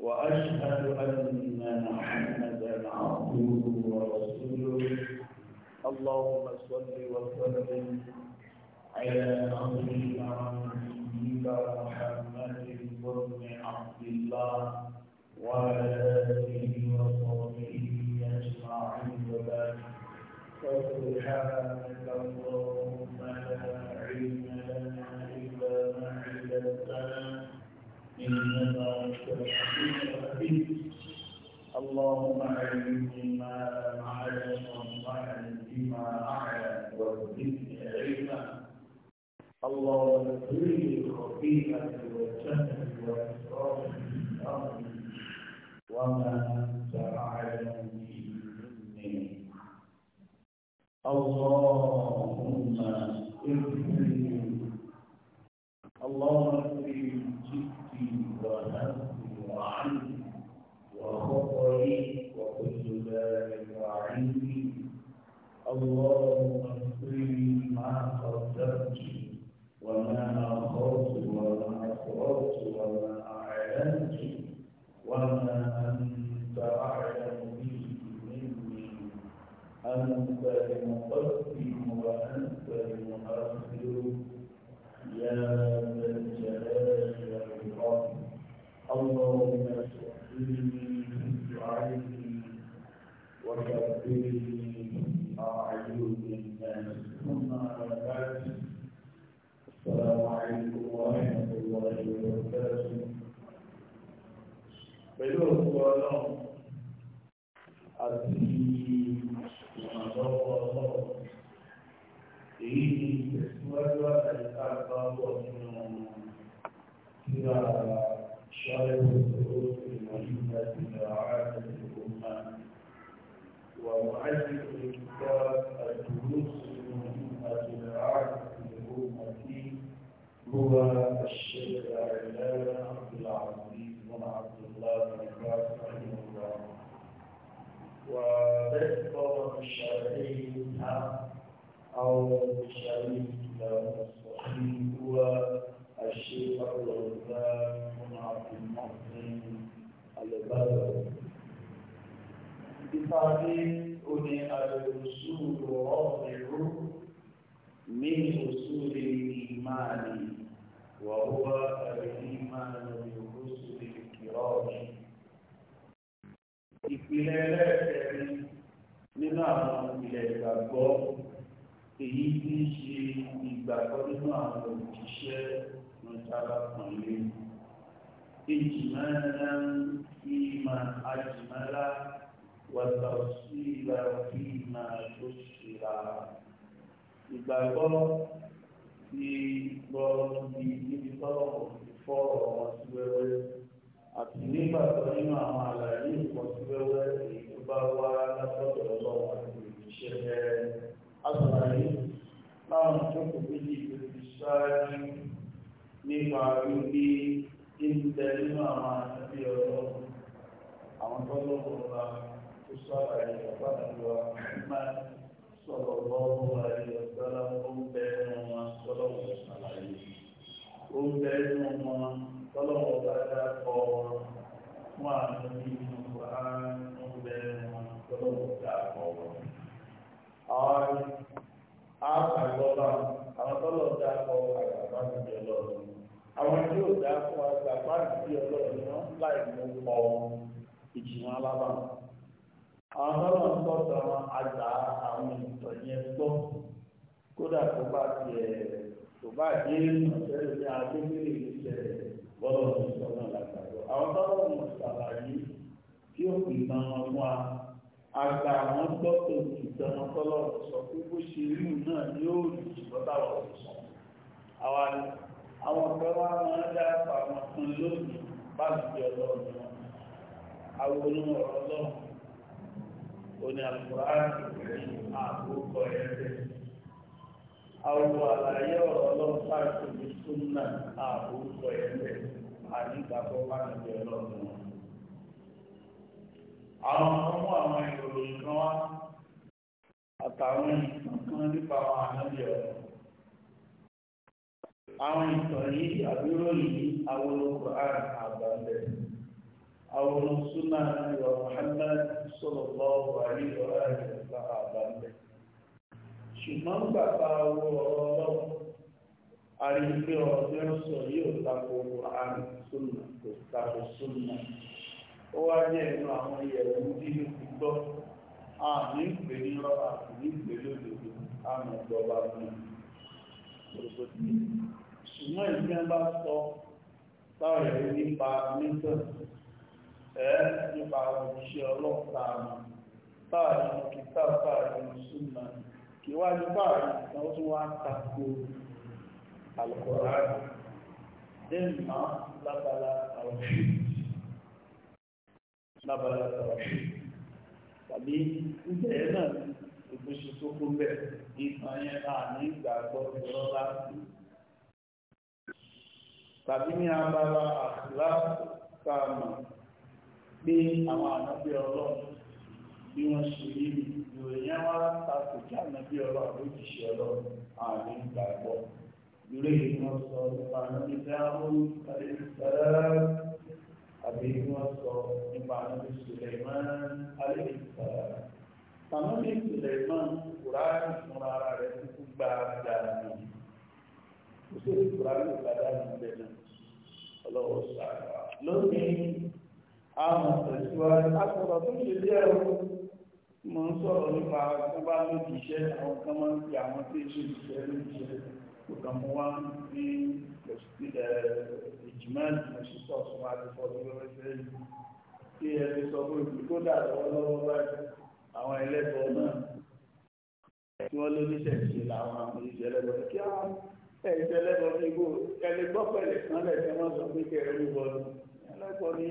وأشهد أن محمدا عبده ورسوله اللهم صل وسلم على نبينا محمد بن عبد الله وعلى آله وصحبه أجمعين وبارك فسبحانك اللهم اللهم علمنا ما علمنا وعلمنا أعلم وزدني علما اللهم اغفر لي خطيئتي وجهلي وإسرافي في اغفر لي اللهم وكل ذلك عندي اللهم اغفرني ما قدمت وما اخرت وما اسررت وما اعلنت وما انت اعلم به مني انت المقدم وانت المؤخر يا pẹ̀lú òkú ọlọ́run àti ìrànlọ́wọ́ ọlọ́run èyí ni ìtẹ̀síwájú àtàríkà bá wọ̀ nínú ìlà ṣọ́lẹ́wọ̀n ألف كتاب الدروس المهمة العارف لأمتي هو الشيخ العلامة عبد العزيز بن عبد الله بن باز رحمه الله وذكر الشرعي أو الشريك الصحيح هو الشيخ الغزال بن عبد المحسن البدوي بتعليم ni àlùsùlù ọ̀rẹ́rù ní òsùlù ìmáàlì wà wúwá àlùmáàlì òsùlù ìkìrọ̀ọ̀mì. ìpìlẹ̀ ẹlẹ́ẹ̀kẹ́rin nínú àwọn ìpìlẹ̀ ìgbàgbọ́ èyí tí ń ṣe ìgbàgbọ́ nínú àwọn òjíṣẹ́ nìjàmbá kan lé ń fi máa àjìmọ̀ wàtàwùsílà fi máa tó ṣìlà ìgbàgbọ́ ti gbọ́ níbi níbi tọ́lọ̀ fọ́ọ̀rọ̀ wọn sí wẹ́wẹ́ àti nígbàgbọ́ nínú àwọn àlàyé ìpọ̀ sí wẹ́wẹ́ èyí tó bá wá látọ̀dọ̀ lọ́wọ́ àti ìṣẹ̀lẹ̀ àtàlàyé láwọn ìjókòó méjì tó ti ṣáájú nípa wípé kí n tẹ nínú àwọn àti ọlọ́run àwọn tọ́lọ̀ ọ̀la ó sọ̀rọ̀ ẹ̀ lọ́pàá lọ́wọ́ máa sọ̀rọ̀ lọ́wọ́ àyè ọ̀sọ́lá ó ń bẹ ẹnu wọn sọ́lọ́wọ́ ṣàlàyé ó ń bẹ ẹnu wọn sọ́lọ́wọ́ bá dá kọ́ wọn fún àwọn nínú wa ó ń bẹ ẹnu wọn sọ́lọ́wọ́ dá kọ́ wọn. àwọn àgbàgbọ́ba àwọn tọ́lọ̀ dá kọ́ láì mú pọ̀ ìjìnlá lábàá àwọn tọ́lọ̀ ń tọ́tọ̀ àwọn àgbà àwọn ìtọ̀ yẹn gbọ́ kódà tó bá tiẹ̀ tó bá dé ìtọ́sẹ́lẹ̀ ní agbègbè ìṣẹ̀lẹ̀ bọ́lọ̀ ní ìṣọ̀nà làgbàdo àwọn tọ́lọ̀ ń ṣàlàyé tí ó pè mọ́ wọn fún wa àgbà àwọn gbọ́ tó ti tẹnu tọ́lọ̀ sọ pé bó ṣe rí ìlú náà ni ó rí ṣùgbọ́n táwọn ò sọ àwa ni àwọn ọ̀pẹ́ wa máa ń dá àwọn kan lónìí bá ti ọlọ́run àwọn olóhùn ọlọ́run oní àkùránì àkókò ẹ̀rẹ́ àwọn àlàyé ọ̀rọ̀ ọlọ́pàá ìtòbí súnà àkókò ẹ̀rẹ́ ànígbàgbọ́ pàtàkì ọlọ́run àwọn ọmọ àwọn ìròyìn kan wá àtàwọn ìtàn nípa àwọn ànábì ọ̀rọ̀ àwọn ìtàn yìí àbúrò yìí àwọn olókùnrin àgbà ń àwọn súnà ìwà Muhammad sallallahu alaihi wa alihi wa sallam ṣùgbọ́n gbàgbà owó ọ̀rọ̀ ọlọ́run àríwé ọ̀rọ̀ tí ó sọ yóò tako àrùn súnà kò tako súnà ó wá jẹ́ inú àwọn ìyẹ̀wò nínú gbígbọ́ àmì ìpè rọ́bà àmì ìpè lódodo àmì ìjọba ṣùgbọ́n ìgbẹ́ bá sọ táwọn ẹ̀rí nípa mítọ̀ ẹ̀ nípa àwọn òṣìṣẹ́ ọlọ́pàá táàrin kìtà táàrin súnmà kí wá ní báàrin ìtàn ó tún wá tako alukọ̀rán dẹ́nà lábala àwọ̀ṣì lábala àwọ̀ṣì tàbí ìbẹ̀rẹ̀ náà ìgbésẹ̀ tó kún bẹ́ẹ̀ ìtàn yẹn náà ní ìgbàgbọ́ ìrọ́lá tàbí ní abala àkùlá kàmà pé àwọn ànábí ọlọ́run bí wọ́n ṣe rí mi ìròyìn wá takò kí ànábí ọlọ́run ló ti ṣe ọlọ́run àmì ìgbàgbọ́ ìrè yìí wọ́n sọ nípa ànábí dáhùn tàbí sẹ́rẹ́ àbí wọ́n sọ nípa ànábí Suleiman alẹ́ ìsẹ́rẹ́ ànábí Suleiman kùránì fúnra rẹ̀ kúkú gba dáadáa kò sí ìkùránì gba dáadáa níbẹ̀ náà ọlọ́wọ́ sáà lónìí àwọn tẹ̀síwájú akọ̀rọ̀ tó ṣe díẹ̀ o mo ń sọ̀rọ̀ nípa wọn bá lóbi iṣẹ́ àwọn kan máa ń fi àwọn tí ìṣe ìṣẹ́ lóbi iṣẹ́ kò kàn mọ́ wá ní ìjìmọ̀ ìjìmọ̀ ṣíṣọ́ fún àdìfọ́ tó lọ́wọ́ sẹ́yìn tí ẹ ti sọ pé kó dà lọ́wọ́lọ́wọ́ báyìí àwọn ẹlẹ́tọ̀ọ́ náà tí wọ́n ló níṣẹ́ ìṣe làwọn àwọn ìṣẹ́ ẹlẹ́tọ̀ọ́ kí á ẹ̀ ìṣẹ́ ẹlẹ́tọ̀ọ́ ní igbó ẹni gbọ́ pẹ̀lẹ́ kan lẹ̀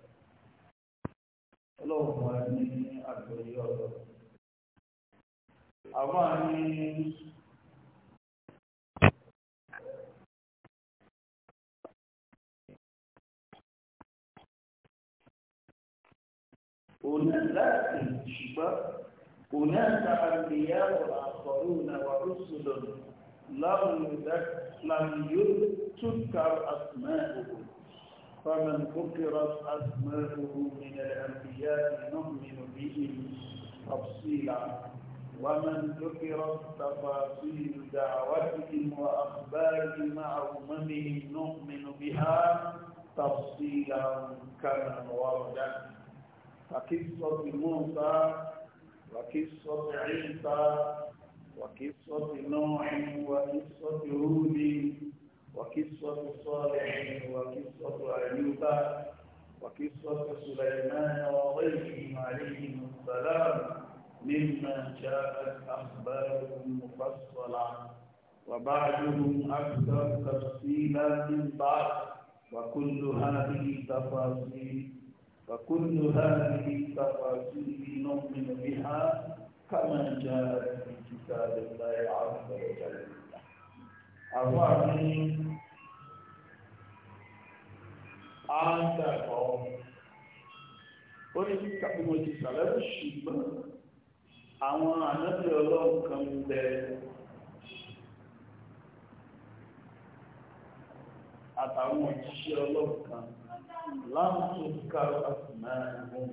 ọlọ́run wa ní àgbẹ̀yẹ ọ̀rọ̀. àwa ní òní láti ṣùgbọ́n òní àtàkìyà àkọ̀rùn àwọn rúṣùlọ̀ láwùjọ láwùjọ tó kà àtúnmẹ́ òkú. فمن ذكرت أسماؤه من الأنبياء نؤمن بهم تفصيلا ومن ذكرت تفاصيل دعوتهم وأخبارهم مع أممهم نؤمن بها تفصيلا كما ورد فقصة موسى وقصة عيسى وقصة نوح وقصة هود وقصة صالح وقصة أيوب وقصة سليمان وغيرهم عليهم السلام مما جاءت أخبارهم مفصلة وبعضهم أكثر تفصيلا من بعض وكل هذه تفاصيل وكل هذه التفاصيل نؤمن بها كما جاءت في كتاب الله عز وجل àwọn àmì àǹtàkọ́ ó ní kàpọ̀ ti sàlẹ́rù ṣùgbọ́n àwọn ànábì ọlọ́run kan bẹ àtàwọn òṣìṣẹ́ ọlọ́run kan láǹtò káró àtìmá ẹ̀hún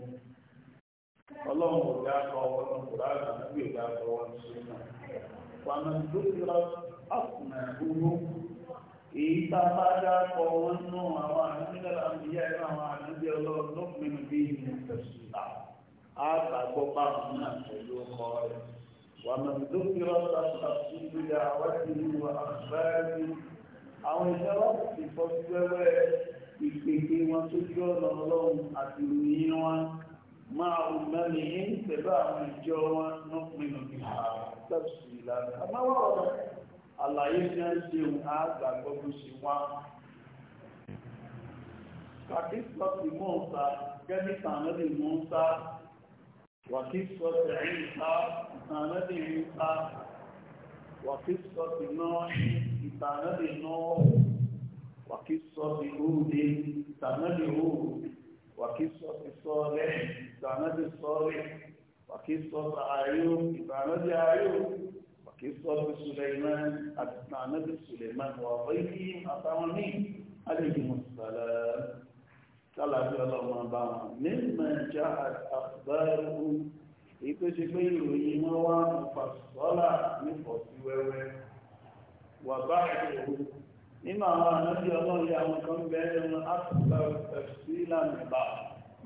ọlọ́run kò dá kọ́ ọlọ́run kò dá kọ́ ànábì ò dá kọ́ náà. Fàmà ìdókòwò asùnmọ̀ èyí tá a bá dápọ̀ wọn nú àwọn àdúgbò àmìyá ẹ̀rọ àwọn àdúgbò ọlọ́run ló pinnu bí ìmọ̀tẹ̀sùlá á gbàgbọ́ pa àwọn náà pẹ̀lú ọkọ rẹ̀ wà mọ̀tòkì ọ̀sà àtúntò yà máa wù mẹ́rin ní pẹ̀lú àwọn ìjọ wọn ló pinnu bí ìmọ̀tẹ̀sùlá àmọ́ wà ọ̀rọ̀ àlàyé ní ẹ̀ṣẹ̀ àgbàgbọ́ bó ṣe wá. Kàkí sọ́ọ̀tì mọ́ ń sa gẹ́bí tànẹ́bì mọ́ ń sa wàkí sọ́ọ̀tì rí ń sa tànẹ́bì rí ń sa wàkí sọ́ọ̀tì náà ìtànẹ́bì náà wàkí sọ́ọ̀tì òde tànẹ́bì òde wàkí sọ́ọ̀tì sọ́ọ̀lẹ̀ tànẹ́bì sọ́ọ̀lẹ̀ wàkí sọ́ọ̀tì ààyò ìtànẹ́bì ààyò. قصة سليمان مع نبي سليمان وضيفهم أطعمين عليهم السلام قال الله ما بعد مما جاءت أخبارهم إتجبوا إليهم ومفصلة مفصلة وبعده إما نبي الله يعمكم بين أكثر تفصيلا بعد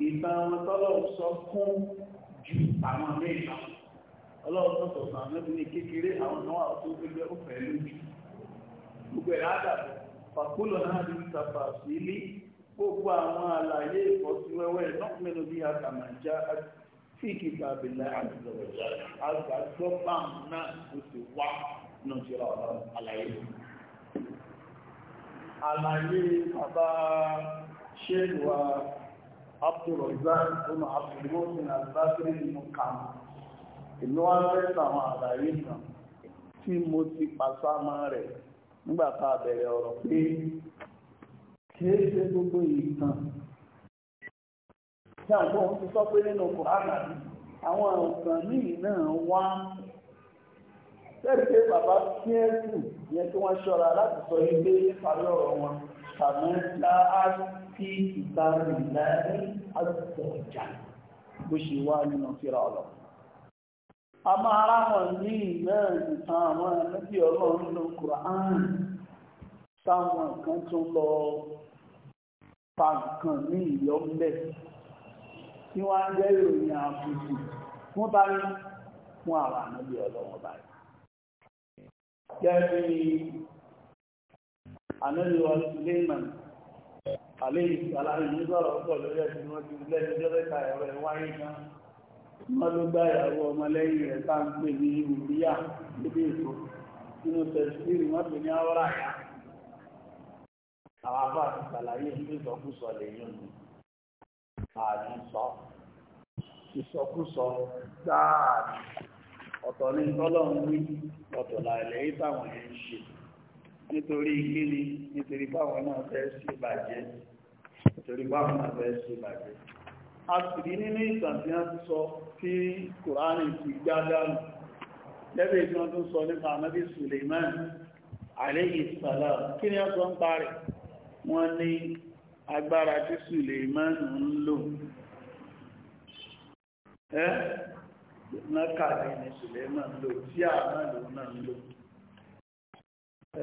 إذا ما طلعوا صفهم جمع ميشا ọlọ́run tó sọ̀tọ̀ àwọn ẹbí ní kékeré àwọn náà tó gbẹgbẹ́ ó fẹ́ lójú gbogbo ẹ̀ ádàbọ̀ pàkúlọ̀ náà ti ń tàpá sí ilé gbogbo àwọn àlàyé ìfọ́síwẹ́wẹ́ nọ́ọ̀mẹ́nu bí akàmàjá tí kìkà abìlẹ̀ àgbẹ̀wẹ̀já àgbàgbọ́ náà ó ti wá náà ti ra ọ̀rọ̀ àlàyé. àlàyé bàbá ṣẹ́ẹ̀lù wa Abdulrazak ọmọ Abdulmohsen èmi wá fẹ́ sàwọn àlàyé kan tí mo ti pàṣámọ́ rẹ̀ nígbà tá a bẹ̀rẹ̀ ọ̀rọ̀ pé kìí ṣe gbogbo ìtàn tí àwọn ohun ti sọ pé nínú kòhánà àwọn ọ̀sán míì náà wá lẹ́gbẹ̀ẹ́ bàbá kíẹ́sù yẹn tí wọ́n ṣọ́ra láti sọ ilé parí ọ̀rọ̀ wọn tàbí láàá sí ìtàrí láàrin àtọ̀jà bó ṣe wá nínú fíra ọlọ́pàá a máa ráwọn ní náà nìkan àwọn ẹ̀mẹ́bí ọlọ́run ló kùrán táwọn nǹkan tó lọ pa nǹkan ní ìyọ́mlẹ̀ tí wọ́n á jẹ́ ìròyìn àbùkù fún báyìí fún àwọn ẹ̀mẹ́bí ọlọ́run báyìí. Gẹ́gẹ́ bí ànábìwọ̀ Suleiman àléyìn aláìní sọ̀rọ̀ pọ̀ lórí ẹ̀sìn wọn ti lẹ́nu jẹ́ wọ́n ló gbá ìyàwó ọmọlẹ́yìn rẹ̀ tá ń pè ní ìrùbíyà níbi ètò nínú tẹ̀síìrì wọ́n pè ní àwọ́rà yá àwọn afá àti sàlàyé ìsọkúsọ lèyìn òní ààrin sọ ìsọkúsọ dáa ọ̀tọ̀ ní tọ́lọ́run wí ọ̀tọ̀ làìlẹ̀ yìí táwọn yẹn ń ṣe nítorí kíni nítorí báwọn náà fẹ́ sí ìbàjẹ́ nítorí báwọn náà fẹ́ sí ìbàjẹ́ a sì rí nínú ìtàn tí wọ́n ti sọ tí kùránì ti gbá dánù lẹ́bẹ̀ tí wọ́n tún sọ nípa anábì Suleiman alayhi salam kí ni wọ́n sọ ń parí wọ́n ní agbára tí Suleiman ń lò ẹ́ nákàlẹ̀ ni Suleiman lò tí àmà lòun náà ń lò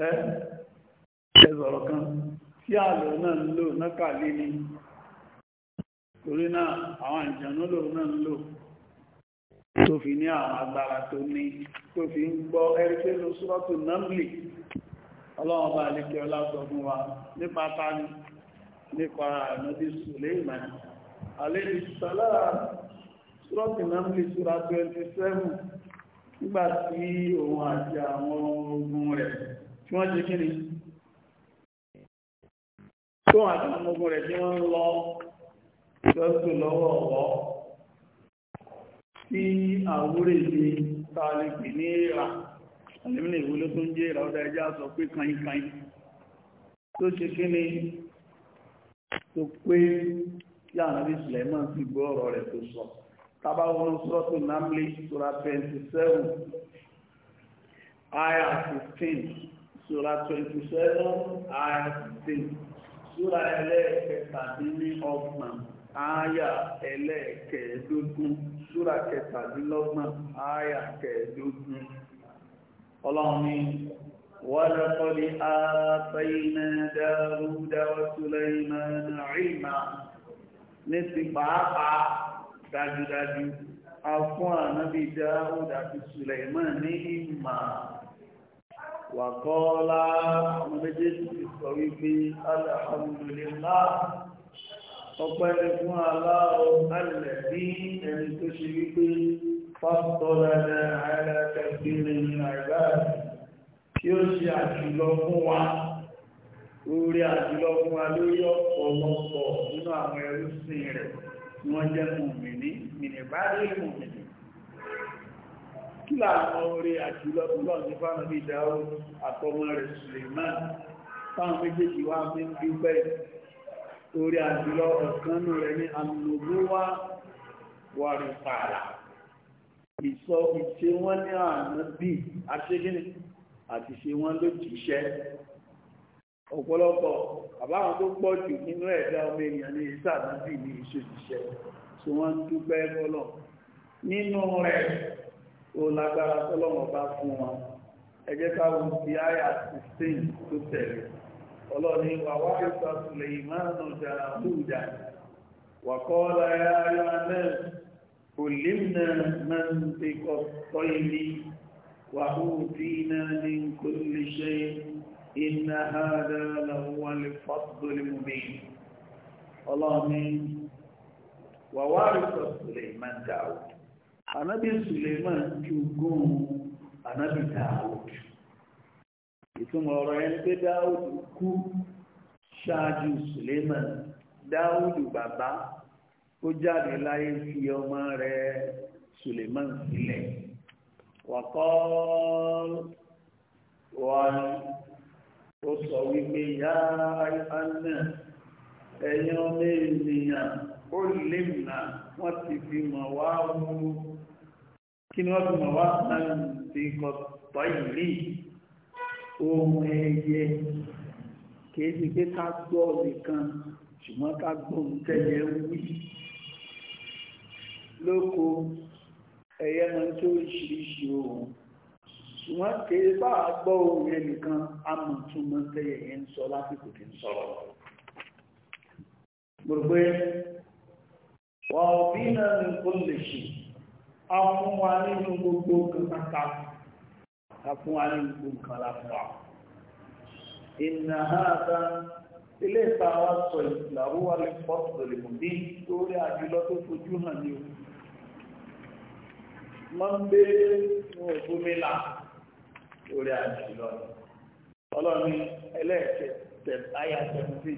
ẹ́ ẹ̀sọ̀rọ̀ kan tí àlò náà ń lò nákàlẹ̀ ni torí náà àwọn ìjànú lòun náà ń lò tó fi ní àwọn agbára tó ní tó fi ń gbọ́ ẹ̀rẹ́kẹ́lú sọ́tù náàmìlì ọlọ́run bá lè kí ọlá sọ fún wa nípa tani nípa ànábì Suleiman alayhi salam sọ́tù náàmìlì sura 27 nígbà tí òun àti àwọn ogun rẹ̀ tí wọ́n jẹ́ kíni tó àti àwọn ogun rẹ̀ tí wọ́n ń lọ lọ́sùn lọ́wọ́ ọ̀wọ́ tí àwúrẹ̀ ní tààlìpì ní èèrà alìmìnà ìwúlé tó ń jẹ́ èèrà ọdá ẹjá sọ pé kàíkàí tó ṣe kí ni tó pé kí ànábì Suleiman ti gbọ́ ọ̀rọ̀ rẹ̀ tó sọ tàbá wọn námlé sura 27 aya 15 sura 27 aya 15 sura ẹlẹ́ẹ̀kẹtàdínlọ́gbọ̀n ááyà ẹlẹ́ẹ̀kẹẹ̀ẹ́dógún súrà kẹtàdínlọ́gbọ̀n ááyà kẹẹ̀ẹ́dógún ọlọ́run ní وَلَقَدْ آتَيْنَا دَاوُودَ وَسُلَيْمَانَ ní ti pàápàá dájúdájú a ànábì Dáúdà àti ní ìmọ̀ wàkọ́ọ́lá àwọn méjèèjì sọ wípé alhamdulillah ọpẹ́ fún aláwọ̀ alẹ̀ bí ẹni tó ṣe wípé fásitọ́lẹ̀lẹ̀ àìlẹ́kẹ̀kẹ́rẹ́ àìbáyé kí ó ṣe àjùlọ fún wa lórí àjùlọ fún wa lórí ọ̀pọ̀lọpọ̀ nínú àwọn ẹrúsìn rẹ̀ tí wọ́n jẹ́ mùmìnì mìnìbárí mùmìnì kí làwọn orí àjùlọ púpọ̀ ní fáwọn ìdáwó àtọmọ rẹ̀ Suleiman táwọn méjèèjì wá ń bí dúpẹ́ orí àjùlọ ọ̀kanú rẹ̀ ní alùlùwà wàrìpàrà ìsọ ìṣe wọ́n ní àná bí aṣégíní àti ṣe wọ́n lójíṣẹ́ ọ̀pọ̀lọpọ̀ àbáwọn tó pọ̀ jù nínú ẹ̀dá ọmọ èèyàn ní ìsànà bí ní ìṣòjíṣẹ́ tí wọ́n ń dúpẹ́ bọ́lọ̀ nínú rẹ̀ ó lágbára tọ́lọ́mọ̀ bá fún wọn ẹ jẹ́ ká wo ti àyà 16 tó tẹ̀lé ọlọ́ni wàwá ìsà Sùlẹ̀mánù Dàúdà wàkọ́lá ya ayọ́ náà kò lèmnà من كل شيء إن هذا لهو الفضل المبين الله من ووارث سليمان داود أنا سليمان تقوم النبي بداود ìtumọ̀ ọ̀rọ̀ ẹni pé dáúdù kú ṣáájú suleiman dáúdù bàbá ó jáde láyé fi ọmọ rẹ̀ suleiman sílẹ̀ wàkọ́ wọn ó sọ wípé yá anna ẹ̀yin ọmọ ènìyàn ó lè nà wọ́n ti fi mọ̀ wá wú kí ni wọ́n fi mọ̀ wá náà ti kọ̀ tọ́ ìrìn ohun ẹyẹ kìí ṣe pé ká gbọ́ nìkan ṣùgbọ́n ká gbọ́ tẹ́yẹ wí lóko ẹyẹ máa ń tó oríṣiríṣi ohun ṣùgbọ́n kìí bá gbọ́ ohun yẹn nìkan a mọ̀ tún mọ́ tẹ́yẹ yẹn ń sọ lásìkò tí ń sọ̀rọ̀ mo rò pé wà òbí náà ní kó lè ṣe a fún wa nínú gbogbo kàkàkà ká fún wa ní gbogbo nǹkan la fún wa. ìnà hàdà ilé ìta wa sọ ìlàwó wa lè pọ̀ sọ̀rọ̀ ìmọ̀dé lórí àjùlọ tó fojú hàn ní o. mọ́ńdé ní ògbómìnà lórí àjùlọ ọlọ́ni ẹlẹ́ẹ̀kẹ́ tẹ̀láyà tẹ̀sí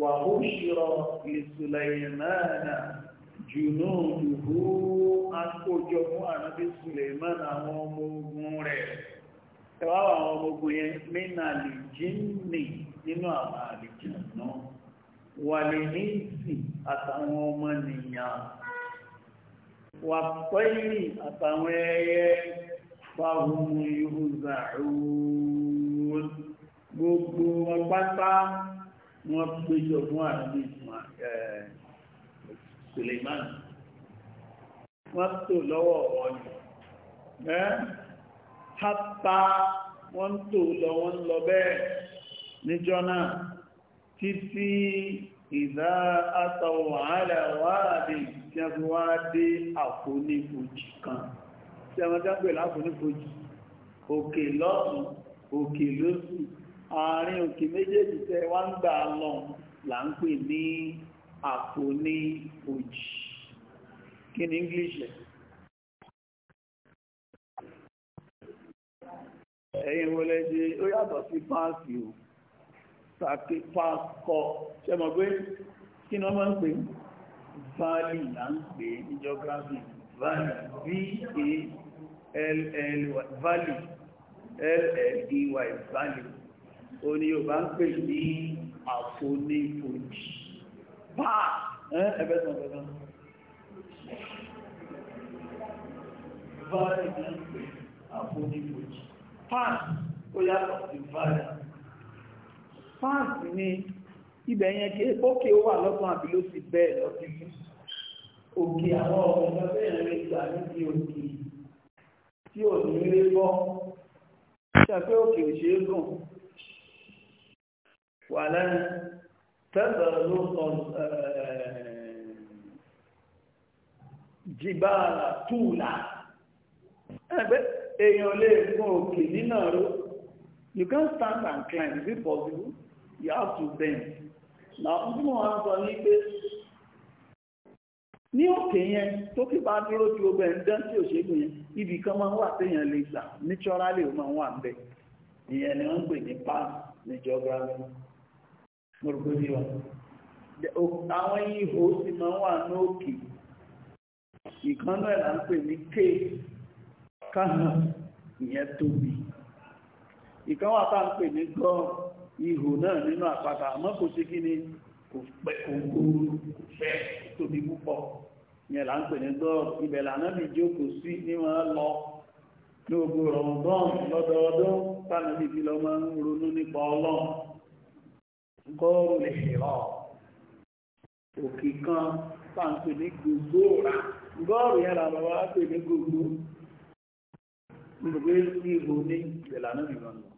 wà ó ṣírọ ìsùlẹ̀mẹ́nà jùnú ìhú akójọ fún ànábí sùlẹ̀mẹ́nà àwọn ọmọ ogun rẹ̀ ẹwàwà àwọn ọmọ ogun yẹn mínà lè jí nì nínú àwọn àlejò náà wà lè ní ìsìn àtàwọn ọmọ nìyàn wà pẹ́lì àtàwọn ẹyẹ fáwọn ìhùzà òun gbogbo wọn pátá wọn péjọ fún àdúgbò ìsìn Suleiman wọn tó lọ́wọ́ ọ̀wọ́ ni hátà wọ́n tó lọ wọ́n lọ bẹ́ẹ̀ níjọ́ náà títí ìdá àtàwọ̀ ààrẹ wáàdì tí a fi wá dé àfonífojì kan tí a mọ́já pẹ̀lú àfonífojì òkè lọ́rùn òkè lóṣù àárín òkè méjèèjì tẹ́ wá ń gbà lọ là ń pè ní àfonífojì kí ni English ẹ̀ ẹ̀yìn wọn lè ṣe ó yàtọ̀ sí páàsì o sàkè páàkọ ṣe mọ̀ pé kí ni wọ́n máa ń pè valley là ń pè ní geography valley v-a-l-l valley l-l-e-y valley ó ní Yorùbá ń pè ní àfonífojì báà ẹ̀fẹ́ sọ̀rọ̀ fẹ́ valley là ń pè àfonífojì pass ó yàtọ̀ sí fire pass ni ibẹ̀ yẹn kí ókè ó wà lọ́gbọ̀n àbí ló sì bẹ́ẹ̀ lọ sí òkè àwọn ọmọ ẹgbẹ́ bẹ́ẹ̀ rẹ̀ gbà níbi òkè tí ò ní rí bọ́ ṣàpé òkè òṣèré gùn wà lẹ́nu tẹ́sọ̀rọ̀ ló kọ jìbára túùlà èèyàn lè gun òkè nínà rú you can stand and climb if it possible you have to bend na ọdún mọ̀ wọ́n sọ ní pé yẹn tó kí bá dúró tí ogbẹ̀ ń tí yẹn ibi kan máa ń wà téèyàn lè gbà nítorálì ó máa ń wà ni wọ́n ń pè ní ní geography àwọn ihò sì máa ń wà ní òkè káhàn ìyẹn tóbi ìkan wà tá ń pè ní gọ́ ihò náà nínú àpáta àmọ́ kò sí kí ni kò pẹ́ kò gbòòrò kò fẹ́ tóbi púpọ̀ ìyẹn là ń pè ní gọ́ ibẹ̀ lànà bí jókòó sí ní wọ́n lọ ní gbogbo rọ̀mùbọ́n lọ́dọọdún tánà bíbí lọ máa ń ronú nípa ọlọ́run gọ́ọ̀rù lè ṣèrọ̀ òkè kan tá ń pè ní gbogbo rà gọ́ọ̀rù yẹn làbàbà pè ní gbogbo gbogbo sí ìbò ní ìlànà ìrànà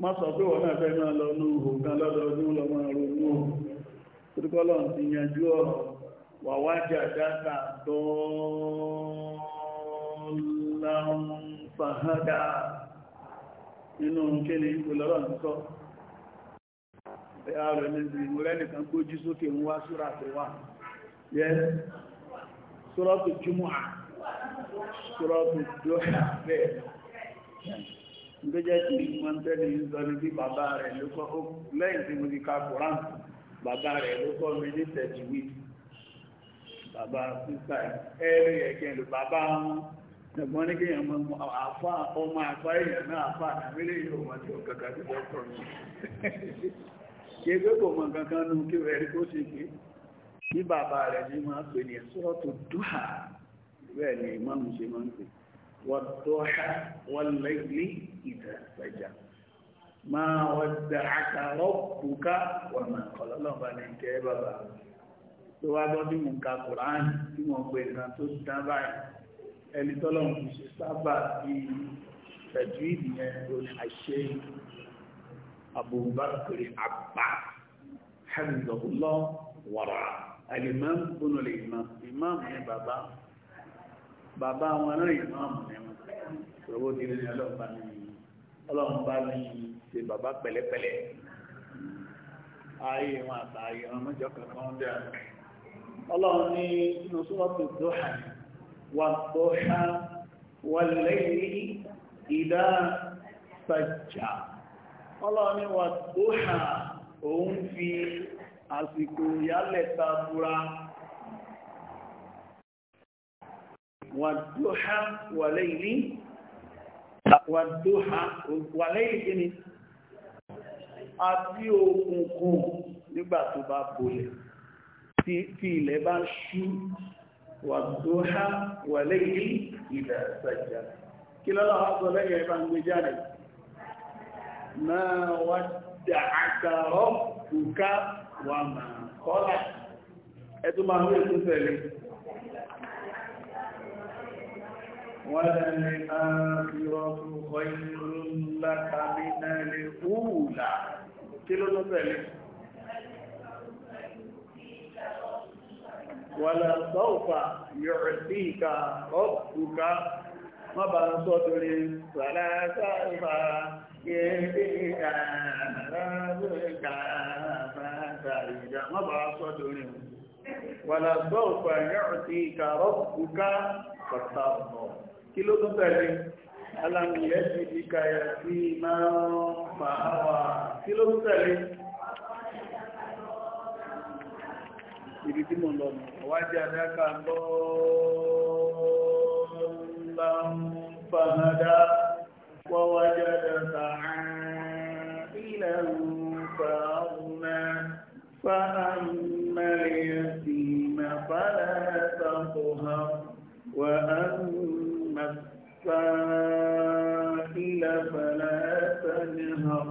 má sọ pé wọ́n náà fẹ́ máa lọ ní ohun kan lọ́dọọdún lọ máa ohun ti yanjú ọ̀rọ̀ wà ń sọ ẹ̀yà rẹ̀ ní nìkan gbójú sókè ń wá súrà tó wà yẹ́ tó jùmọ̀ ṣúrọ́bù dóhà bẹ́ẹ̀ ló jẹ́ kí wọ́n tẹ́lẹ̀ ń sọ ní bí bàbá rẹ̀ ló kọ́ lẹ́yìn tí mo ti ka koran bàbá rẹ̀ ló kọ́ mi ní tẹ̀sí wí bàbá sísá ẹ̀rí ẹ̀kẹ́ ló bàbá wọn ẹ̀gbọ́n ní kéèyàn mọ àfa ọmọ àfa èèyàn náà àfa àtàmílẹ̀ yìí ò mọ̀ tí ó kàkà sí dọ́kítọ̀ mi kí ẹgbẹ́ kò mọ̀ kankan nù kí ẹ̀rí kó ṣe pé bí bàbá rẹ̀ ní máa pè ní ẹ̀sọ́ dùhà bẹ́ẹ̀ ni ìmáàmù ṣe máa ń pè wọ́n tó ṣá wọ́n lẹ́gbẹ̀ẹ́ ìdá ìgbàjà máa wọ́n da àkàrọ̀ bùkà wọ́n máa kọ́ lọ́lọ́ba ní ìjẹ́ bàbá tó wá gbọ́ bí mo ń ka Quran tí mo ń pè nǹkan tó dá báyìí ẹni tọ́lọ́ ń ṣe sábà bí pẹ̀lú ìdíyẹn lórí àṣẹ Abubakar àgbà hàbìbọ̀lọ́ wàrà alimam bùnú lè mọ ìmáàmù ní bàbá bàbá wọn náà yìí máa mọ̀ ní wọn ìṣòro ti rí ní ọlọ́run bá ní ọlọ́run bá ní ṣe bàbá pẹ̀lẹ́pẹ̀lẹ́ ayé wọn àtàyè wọn mọ́jọ kankan ń dẹ̀ ọlọ́run ní inú sọ́wọ́pù tó hà wà tó hà wà lẹ́yìn ìdá sàjà ọlọ́run ní wà tó hà òun fi àsìkò yálẹ̀ tabura. wàdúhà wàlẹ́ ìlú wàdúhà wàlẹ́ ìkíni àti òkùnkùn nígbà tó bá bolẹ̀ tí ilẹ̀ bá ṣú wàdúhà wàlẹ́ ìlú ìdà sàjà kí lọ́lọ́ wá sọ lẹ́yìn ẹ̀bá ń gbé jáde máa wá وللآخرة خير لك من الأولى كيلو نبالي ولسوف يعطيك ربك ما بنصت لي فلا سوف يهديك ربك فترجى ما بنصت لي ولسوف يعطيك ربك فترضى kí ló tún tẹ̀lé alámìlẹ́ ti di kàyà sí máa ń fà á wà kí ló tún tẹ̀lé ibi tí mo mọ̀ àwájá السائل فلا تنهر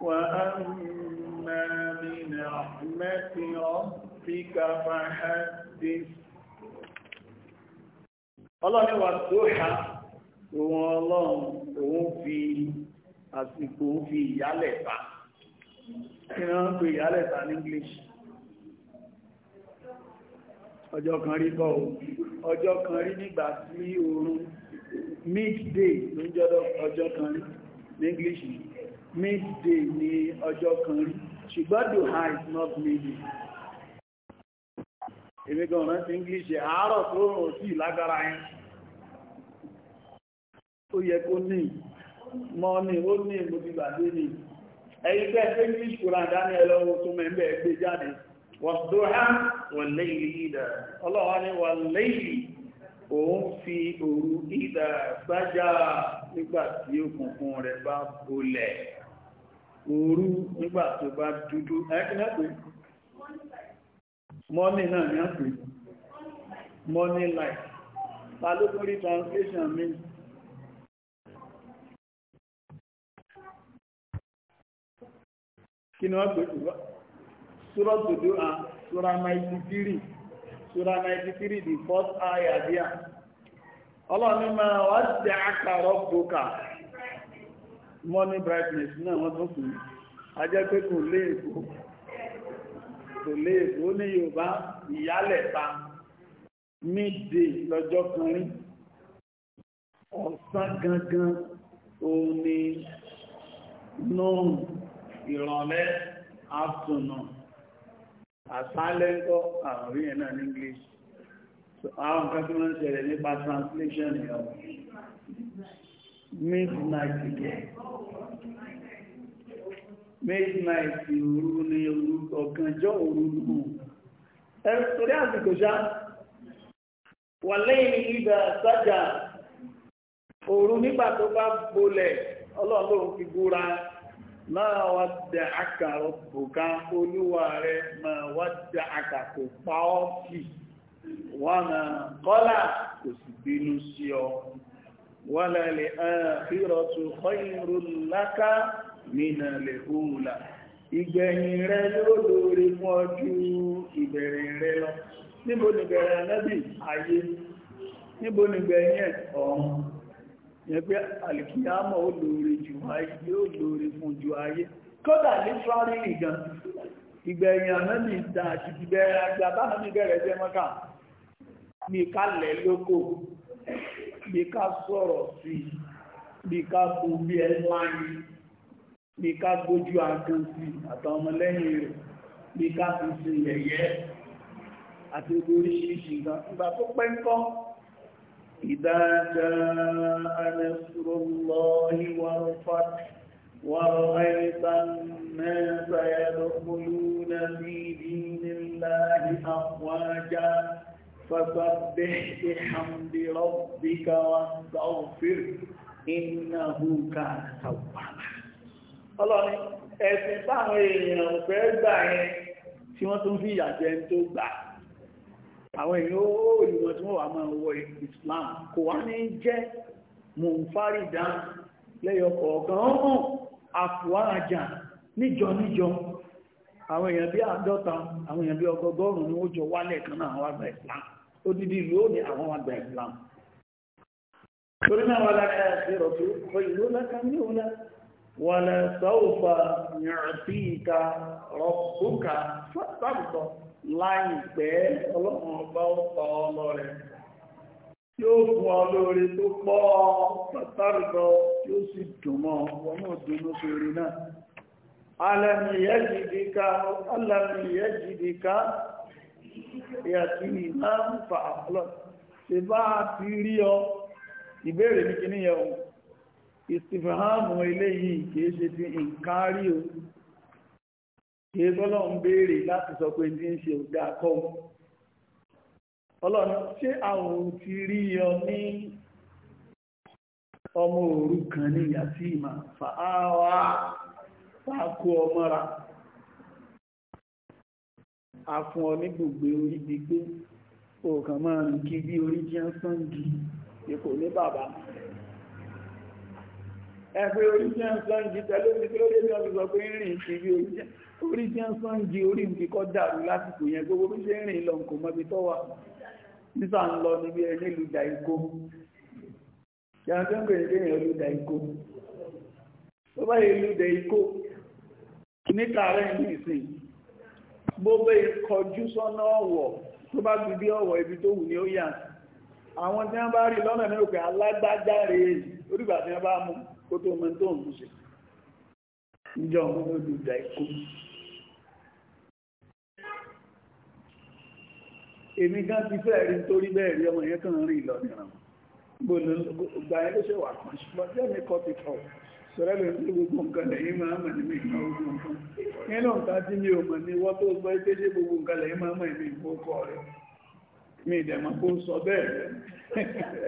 وأما بنعمة ربك فحدث ọlọ́ni wà tó ha òun ọlọ́run òun fi àsìkò òun fi ìyálẹ̀ kí wọ́n fi pè ní English ọjọ́ kan rí bọ́ ọjọ́ kan rí nígbà oorun midday ló ń jọ́dọ̀ ọjọ́ kan ní english midday ní ọjọ́ kan ṣùgbọ́n duha is not midday èmi gan rántí english àárọ̀ tó rùn sí lágbára yẹn ó yẹ kó ní ó ní ni ẹ̀yìn english kúrò tó gbé jáde wọ́n ìdá òun fi òru ìdà sájà nígbà tí òkùnkùn rẹ̀ bá bolẹ̀ òru nígbà tó bá dúdú ẹ́kìnẹ́pẹ́ mọ́nì náà ní àpẹ́ mọ́nì light ta ló tún rí translation mi kí ni wọ́n pè sọ́rọ̀ tòdó à sọ́rọ̀ 93 sura 93 the fourth ayah díà ọlọ́ni máa wá sí àkàrọ̀ bùkà morning brightness náà wọ́n tún kù ajẹ́ pé kò lè èkó kò lè èkó ní Yorùbá ìyálẹ̀ta midday lọ́jọ́ kan rí ọ̀sán gangan òun ni nọ́ọ̀nù ìrọ̀lẹ́ afternoon àṣálẹ́ ń kọ́ àwọn orí yẹn náà ní English àwọn nǹkan tí wọ́n ń ṣẹlẹ̀ nípa translation yọ midnight yẹ midnight òru ni ọ̀gànjọ́ òru nù ẹ̀rọ torí àsìkò ṣá wà lẹ́yìn ìgbà sájà òru nígbà tó bá bolẹ̀ ọlọ́run fi búra ma wà dẹ àkà olúwa rẹ̀ ma wà kò pa ọ́ kì wọ́n kọ́lá kò sì bínú sí ọ wọ́n lẹ́lẹ̀ ẹ̀ẹ́fìrọ̀ tó láká nínà lè hùwùlà ìgbẹ̀yìn rẹ̀ yóò lóore fún ọjọ́ ìbẹ̀rẹ̀ rẹ̀ lọ níbo anábì ayé yẹn pé àlìkìyàmọ̀ ó lóore jù ayé yóò lóore fún ju ayé kódà ní fúlárìlì gan ìgbẹ̀yìn ànábì ìta àti ìbẹ̀rẹ̀ àgbà bẹ̀rẹ̀ jẹ́ mọ́kà bí ká lẹ̀ bu ká gbójú sí rẹ̀ bí ká fi ṣe yẹ̀yẹ́ àti oríṣiríṣi ìgbà tó إذا جاء نصر الله والفتح ورأيت الناس يدخلون في دين الله أفواجا فسبح بحمد ربك واستغفر إنه كان توابا Ọlọ́run ẹ̀sìn táwọn èèyàn fẹ́ gbà yẹn tí wọ́n tún fi àwọn èèyàn olùmọ̀ tí wọ́n wà máa wọ Islam kò wá ní jẹ́ mọ̀nfàrídá lẹ́yọkọ̀ ọ̀kan ọmọ àfúwájà níjọ níjọ àwọn èèyàn bí àádọ́ta àwọn èèyàn bí ọgọgọ́rùn ni ó jọ wálẹ̀ kan náà àwọn Islam odidi ìlú ó ní Islam láìpẹ́ ọlọ́run ọba ó pa ọmọ rẹ̀ tí ó fún ọ lóore tó tí ó sì dùnmọ́ wọn náà dúnú sórí náà ìyàtí ń fa ṣe bá ti ọ ìbéèrè ní eléyìí kìí kì í tọ́lọ́ ń béèrè láti sọ pé ní ṣe òdà kọ́ ọlọ́run ṣé àwọn ti rí yọ ní ọmọ òru kan ní yàtí ìmà fàáwá ọmọra àfún ọ ní gbogbo orí gbígbé òkàn máa rìn kí bí orí jẹ́ sọ́ǹdì ipò ní bàbá ẹgbẹ́ orí jẹ́ sọ́ǹdì tẹ́lómi orí tí wọ́n sán jí orí ń kíkọ́ dàrú lásìkò yẹn gbogbo bí ṣe ń rìn lọ nǹkan mọ́bí tó wà nísà ń lọ níbi ẹni lùdà ikó kí a tẹ́ǹkọ̀ èdè èèyàn lùdà ikó tó bá yẹ lùdà ikó níta rẹ̀ ní ìsìn gbogbo ìkọjú sọ́nà ọ̀wọ̀ tó bá gbìdí ọ̀wọ̀ ibi tó wù ní ó yà àwọn tí wọ́n bá rí lọ́nà ní òkè alágbájáre orígbà tí wọ́n bá mú kó tó mọ́ tó ń bùṣe ìjọ òun ló lùdà èmi gan ti fẹ́ rí torí bẹ́ẹ̀ rí ọmọ yẹn kàn rìn lọ nìran gbogbo ìgbà yẹn ló ṣe wà kan ṣùgbọ́n tí ẹ̀mí kọ́ ti kọ̀ sọ̀rọ̀ lè ní gbogbo nǹkan lẹ́yìn máa mọ̀ ní ìgbà ogun nǹkan yẹn náà ta tí mi ò mọ̀ ní wọ́n tó gbọ́ pé ṣé gbogbo nǹkan lẹ́yìn máa mọ̀ ní ìgbà ọkọ rẹ̀ mi ìdẹ̀mọ̀ kó sọ bẹ́ẹ̀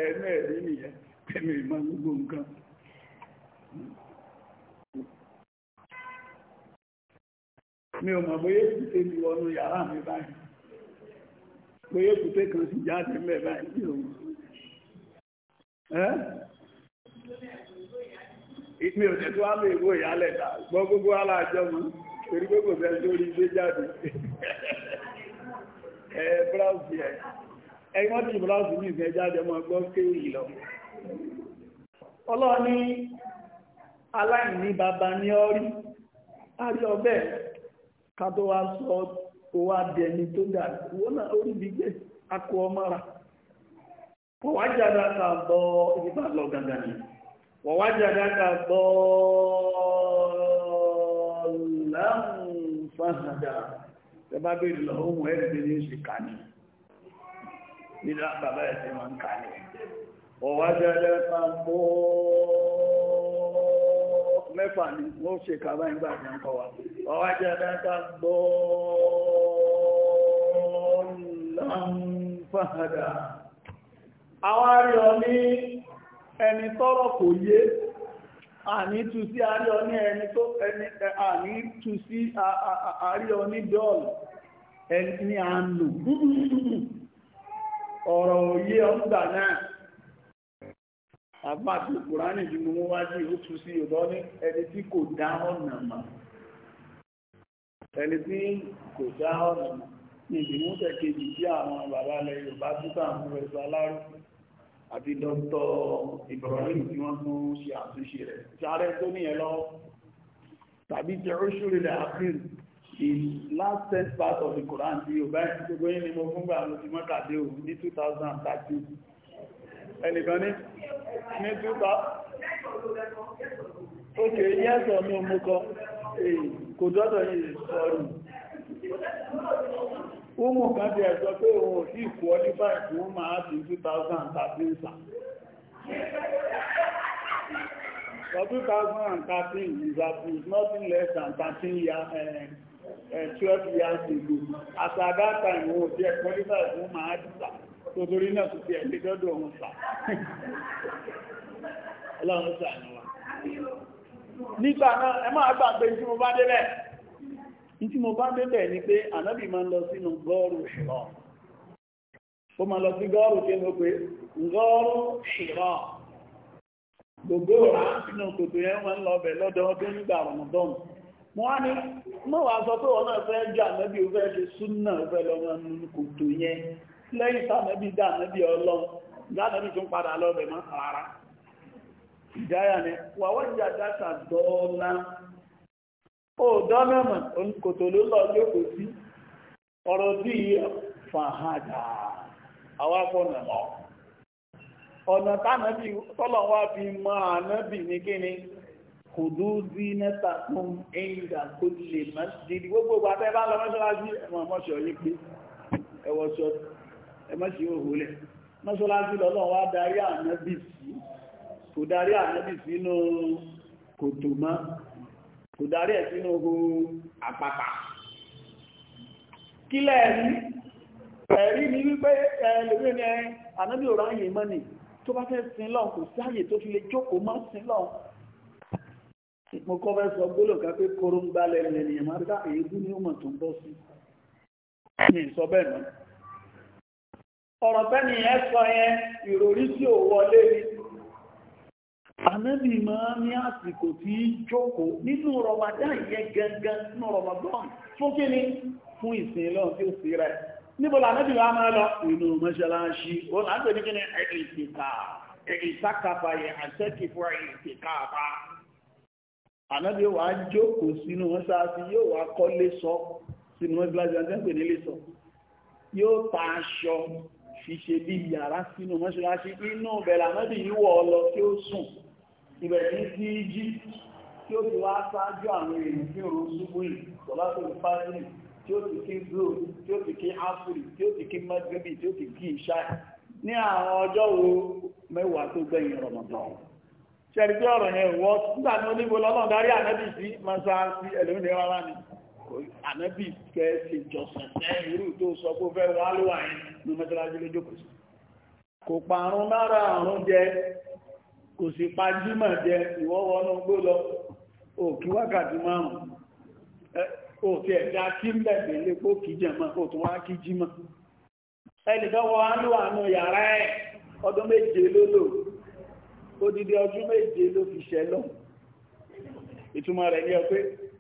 ẹ̀mí ẹ̀rí nìyẹn pé mi ìmọ̀ gbogbo nǹkan mi ò mọ̀ bóyá èsì tèmi wọnú yàrá mi báyìí pé èkúté kan sì jáde ń bẹ̀ báyìí bí òun. mi ò tẹ̀tọ́ àmì ìwò ìyálẹ̀ dà gbọ́ gbogbo aláàjọ mu torí pé kò fẹ́ lórí ilé jáde ẹ búráùsì ẹ ẹ̀yìn wọ́n ti búráùsì ní ìfẹ́ jáde ọmọ gbọ́ kéwì lọ. ọlọ́ọ̀ni aláìní bàbá ní ọrí a rí ọbẹ̀ ká tó wá sọ ó wá di ẹni tó dà wọ́n náà orí bí gbé akọ ọmọra wọ́n wá jáde ká bọ́ ìbá lọ gàgà ni wọ́n wá jáde ká bọ́ láǹfààdà ẹ bá bèèrè lọ ohun mẹ́fà ni wọ́n ṣe kàbá ìgbà ìjọkọ̀ wa ọwá jẹ́ dáadáa gbọ́ọ̀lọ́nfàdà àwọn arìọ ní ẹni tọ́rọ kò yé àní tú sí arìọ ní ẹni tó àní tú sí arìọ ní dọ́ọ̀lù ẹni àánú ọ̀rọ̀ òye ọ̀gbà náà àbá tó kùránì bí mo wájú ó tú sí ọ̀dọ́ ní ẹni tí kò dá ọ̀nà mà ẹni tí kò dá ọ̀nà mà ní ìdìmúṣẹ̀ kejì tí àwọn bàbá ilẹ̀ Yorùbá títà ń fún ẹ̀sọ́ aláró àti dọ́kítọ̀ Ibrahim tí wọ́n tún ṣe àtúnṣe rẹ̀ sáré tó last part of the Quran tí Yorùbá ẹ̀ ti gbogbo yín 2013 ẹnìkan ní ok yes or no ní omúkọ kò dọ́dọ̀ ní ìsọ̀rù pé òun ò sí ìkú máa ti 2013 that is nothing less than 13 years, 12 years ago. As at that time, we for tòtòrí náà tó ti ẹ̀lẹ́ dọ́dọ̀ ọ̀hún sà ọlọ́run sà ní wa nígbà náà ẹ máa tí mo bá débẹ̀ tí mo bá débẹ̀ ni pé ànábì máa ń lọ sínú gọọrù ṣìrọ̀ ó máa lọ sí gọọrù tí mo pé gọ́ọ̀rù ṣìrọ̀ gbogbo nínú kòtò yẹn wọn lọ nígbà mo wá ní sọ pé lẹ́yìn tánàbí dánàbí ọlọ́run dánàbí tún padà lọ́bẹ̀ mọ́ ara ìdáyà ni wà wọ́n jà dáta dọ́ọ́lá ó dọ́nàmà kòtò ló lọ jókòó sí ọ̀rọ̀ bí fàhádà àwọn afọ́nà ọ̀nà tánàbí tọ́lọ̀ wá fi mọ́ ànábì ní kíni kùdú sí nẹ́ta fún ẹ̀yìndà kó lè má dìdí gbogbo àtẹ́ bá lọ mọ́ṣọ́lá sí ẹ̀wọ̀n mọ́ṣọ́ yí pé ẹ̀wọ̀ṣọ́ ẹ má ṣe òhò lẹ̀ mọ́ṣáláṣí lọ́lọ́ wá darí ànábì sí kò darí ànábì sínú kòtò mọ́ kò darí ẹ̀ sínú ohò àpáta kílẹ̀ rí ẹ̀rí ni wípé ẹlòmí ni ànábì ò ráyè mọ́ ni tó bá fẹ́ sin lọ kò sáyè tó fi lè jókòó mọ́ sin lọ mo kọ́ fẹ́ sọ gbólò ká pé koro ń gbálẹ̀ ẹ̀rìn ènìyàn máa dá èébú ní ọmọ tó ń bọ́ sí ní ìsọ bẹ́ẹ̀ náà ọ̀rọ̀ tẹ́ni ẹ sọ yẹn ìròrí tí ò wọlé ni anábì máa ní àsìkò tí jókòó nínú Ramadan yẹn gangan nínú Ramadan fún kí ni fún ìsìn lọ́n tí ó sì rẹ̀ níbọ̀lá anábì wá máa lọ inú mọ́ṣáláṣí ó láti ní kí ni ẹ̀ẹ́sìká ìsákàfà yẹn àṣẹ́kì fún ẹ̀ẹ́sìkáfà anábì wá jókòó sínú mọ́ṣáláṣí yóò wá kọ́lé sọ sínú mọ́ṣáláṣí yóò ta aṣọ ṣíṣe bí yàrá sínú mọ́ṣáláṣí inú bẹ̀rẹ̀ àmọ́bì yíwọ̀ ọlọ tí ó sùn ìbẹ̀rẹ̀ ní sí jí tí ó ti wá sáájú àwọn èèyàn tí òun ṣubú yìí sọlá tó ń fásitì tí ó ti kí zoro tí ó ti kí áfírì tí ó ti kí mọ́gbẹ́bì tí ó ti kí ìṣá ní àwọn ọjọ́ wo mẹ́wàá tó gbẹ̀yìn rọ̀mọ̀dán ṣẹ́ni tí ọ̀rọ̀ yẹn wọ́ nígbà tí oníbo lọ́lọ́ darí ànábì sí ànábì kẹ́ẹ̀sì jọ̀sẹ̀ tẹ́ irú tó sọ pé fẹ́ wà lówà yẹn ní mẹ́tẹ́lájú ló jókòó sí kò lára àrùn jẹ kò sì pa jímọ̀ jẹ ìwọ́wọ́nú gbó lọ òkí wákàtí márùn-ún ẹ̀dá kí ń bẹ̀bẹ̀ lè pó kí jẹ̀mọ́ kò tún wá kí jímọ̀ ẹnìkan wọ nù yàrá ẹ̀ ọdún méje ló odidi ọdún méje ló fi lọ, ìtumọ̀ rẹ̀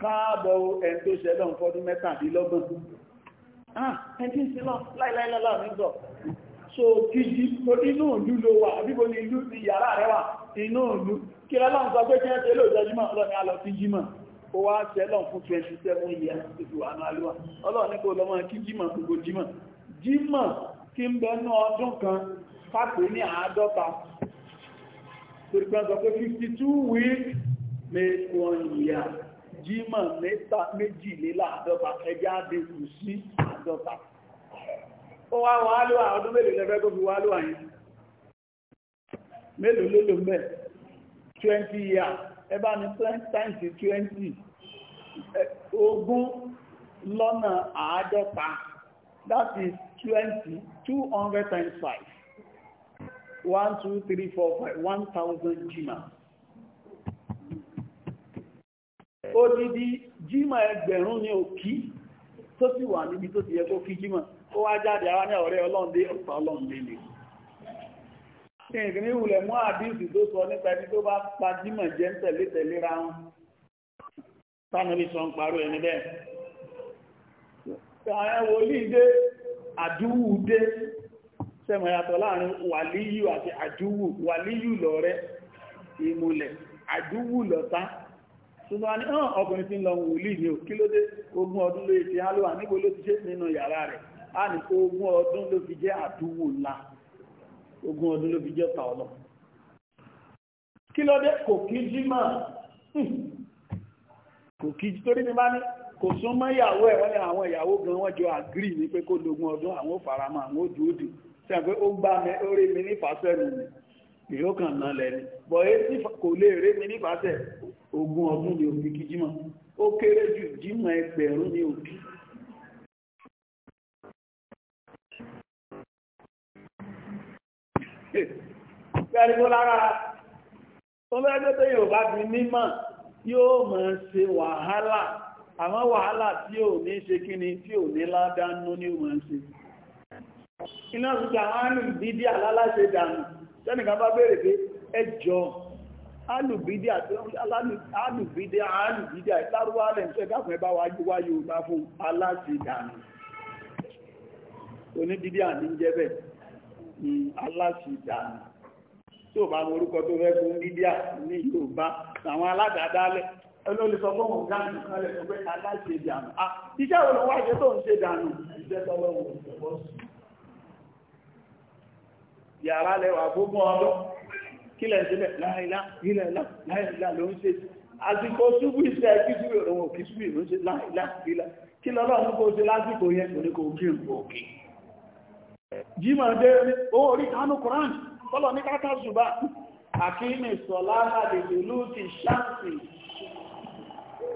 káàbọ̀ ẹni tó ṣẹlẹ̀ ọ̀fọ́dún mẹ́tàdínlọ́gbọ̀n ah ẹni tí ń sinọ́ láìláìlọ́lá nígbọ̀ so kìí inú òlú ló wà àbíbo ni ìlú ni yàrá rẹ̀ wà inú òlú kí lọ́lọ́n sọ pé kí ẹ́ tẹ́lẹ̀ òjọ́jímọ̀ ọlọ́ni alọ́ sí jímọ̀ ó wá ṣẹlọ̀ fún 27 years ìlú àná alúwà ọlọ́ni kò lọ́mọ kí jímọ̀ gbogbo jímọ̀ jímọ̀ kí ń bẹnu ọdún kan fàpé ní àádọ́ta torípẹ́ sọ pé 52 weeks make one year jímọ̀ mẹ́ta méjìléláàdọ́ta ẹjá dẹ̀kù sí àdọ́ta ó wá wọ́n á ló ọdún mélòó lẹ́fẹ́ tó fi wá ló àyín mélòó lélò mẹ́ 20 years ẹbá ní 20 times 20 ogún lọ́nà àádọ́ta that is 20 200 times 5 1 2 3 4 5 1000 jímọ̀ odidi jímọ̀ ẹgbẹ̀rún ní òkí tó sì wà níbi tó ti yẹ kó kí jímọ̀ ó wá jáde ara ní ọ̀rẹ́ ọlọ́ndé ọ̀pá ọlọ́ndé lè ìrìn ìwùlẹ̀ mú àdíìsì tó sọ nípa ẹni tó bá pa jímọ̀ jẹ́ ń tẹ̀lé tẹ̀lé ra wọn tánàbí sọ ń parọ́ ẹni bẹ́ẹ̀ àwọn wòlíì láàrin wàlíyù àti àdúwù wàlíyù lọ̀rẹ́ ìmùlẹ̀ àdúwù lọ̀tá ṣùgbọ́n ní ọ̀n ọkùnrin tí ń lọ wùlí ní kí ló dé ogún ọdún ló ti hálówà níbo ló ti ṣe nínú yàrá rẹ̀ a ní kó ogún ọdún ló fi jẹ́ àdúwò ńlá ogún ọdún ló fi jẹ́ ta ọlọ́ kí ló dé kò kí jí mọ́ hmm. kò kí jí torí ní bá ní kò sún mọ́ ìyàwó ẹ̀ wọ́n ní àwọn ìyàwó gan wọ́n jọ àgírì ní pé kó lógún ọdún àwọn ò fara mọ́ àwọn òdì òdì sí àpé ó gbá ogún ọdún ni òbí kí jímọ̀ ó kéré jù jímọ̀ ẹgbẹ̀rún ni òbí gbẹ̀rìgbó lára ọlọ́gbẹ́ tó yóò bá bí mímọ̀ yóò mọ̀ ṣe wàhálà àmọ́ wàhálà tí ò ní ṣe kí ni tí ò ní ládánú ní mọ̀ ṣe iná ṣùgbọ́n àwọn àrùn aláláṣẹ dànù sẹ́nìkan bá béèrè pé ẹjọ́ alùbídíà alùbídíà alùbídíà ìtàrúwà lẹ́nṣẹ́ dákùn ẹbá wáyé wáyé ọba fún aláṣìdànù oníbídíà ní jẹ́bẹ̀ aláṣìdànù tó bá orúkọ tó rẹ́ fún bídíà ní Yorùbá àwọn aládàádálẹ̀ olólùsọ fún òun dáàmù kálẹ̀ tó pé aláṣìdànù iṣẹ́ olùwáṣẹ́ tó ń ṣe dànù iṣẹ́ tọ́lọ́wọ́ yàrá lẹ́wà gbogbo ọlọ́ kílẹ̀ sílẹ̀ láìlá ìlẹ̀lá láìlá ló ń ṣe àsìkò ṣúgbù iṣẹ́ kíṣúgbù òun òkíṣúgbù ló ń ṣe láìlá ìlá kí lọ́lọ́ ní kó ṣe lásìkò yẹn kò ní kò kí ìrùn òkè jíma dé orí kánú koran tọ́lọ̀ ní káká ṣùgbà àkíní sọ̀lá àdèdè ló ti ṣáàtì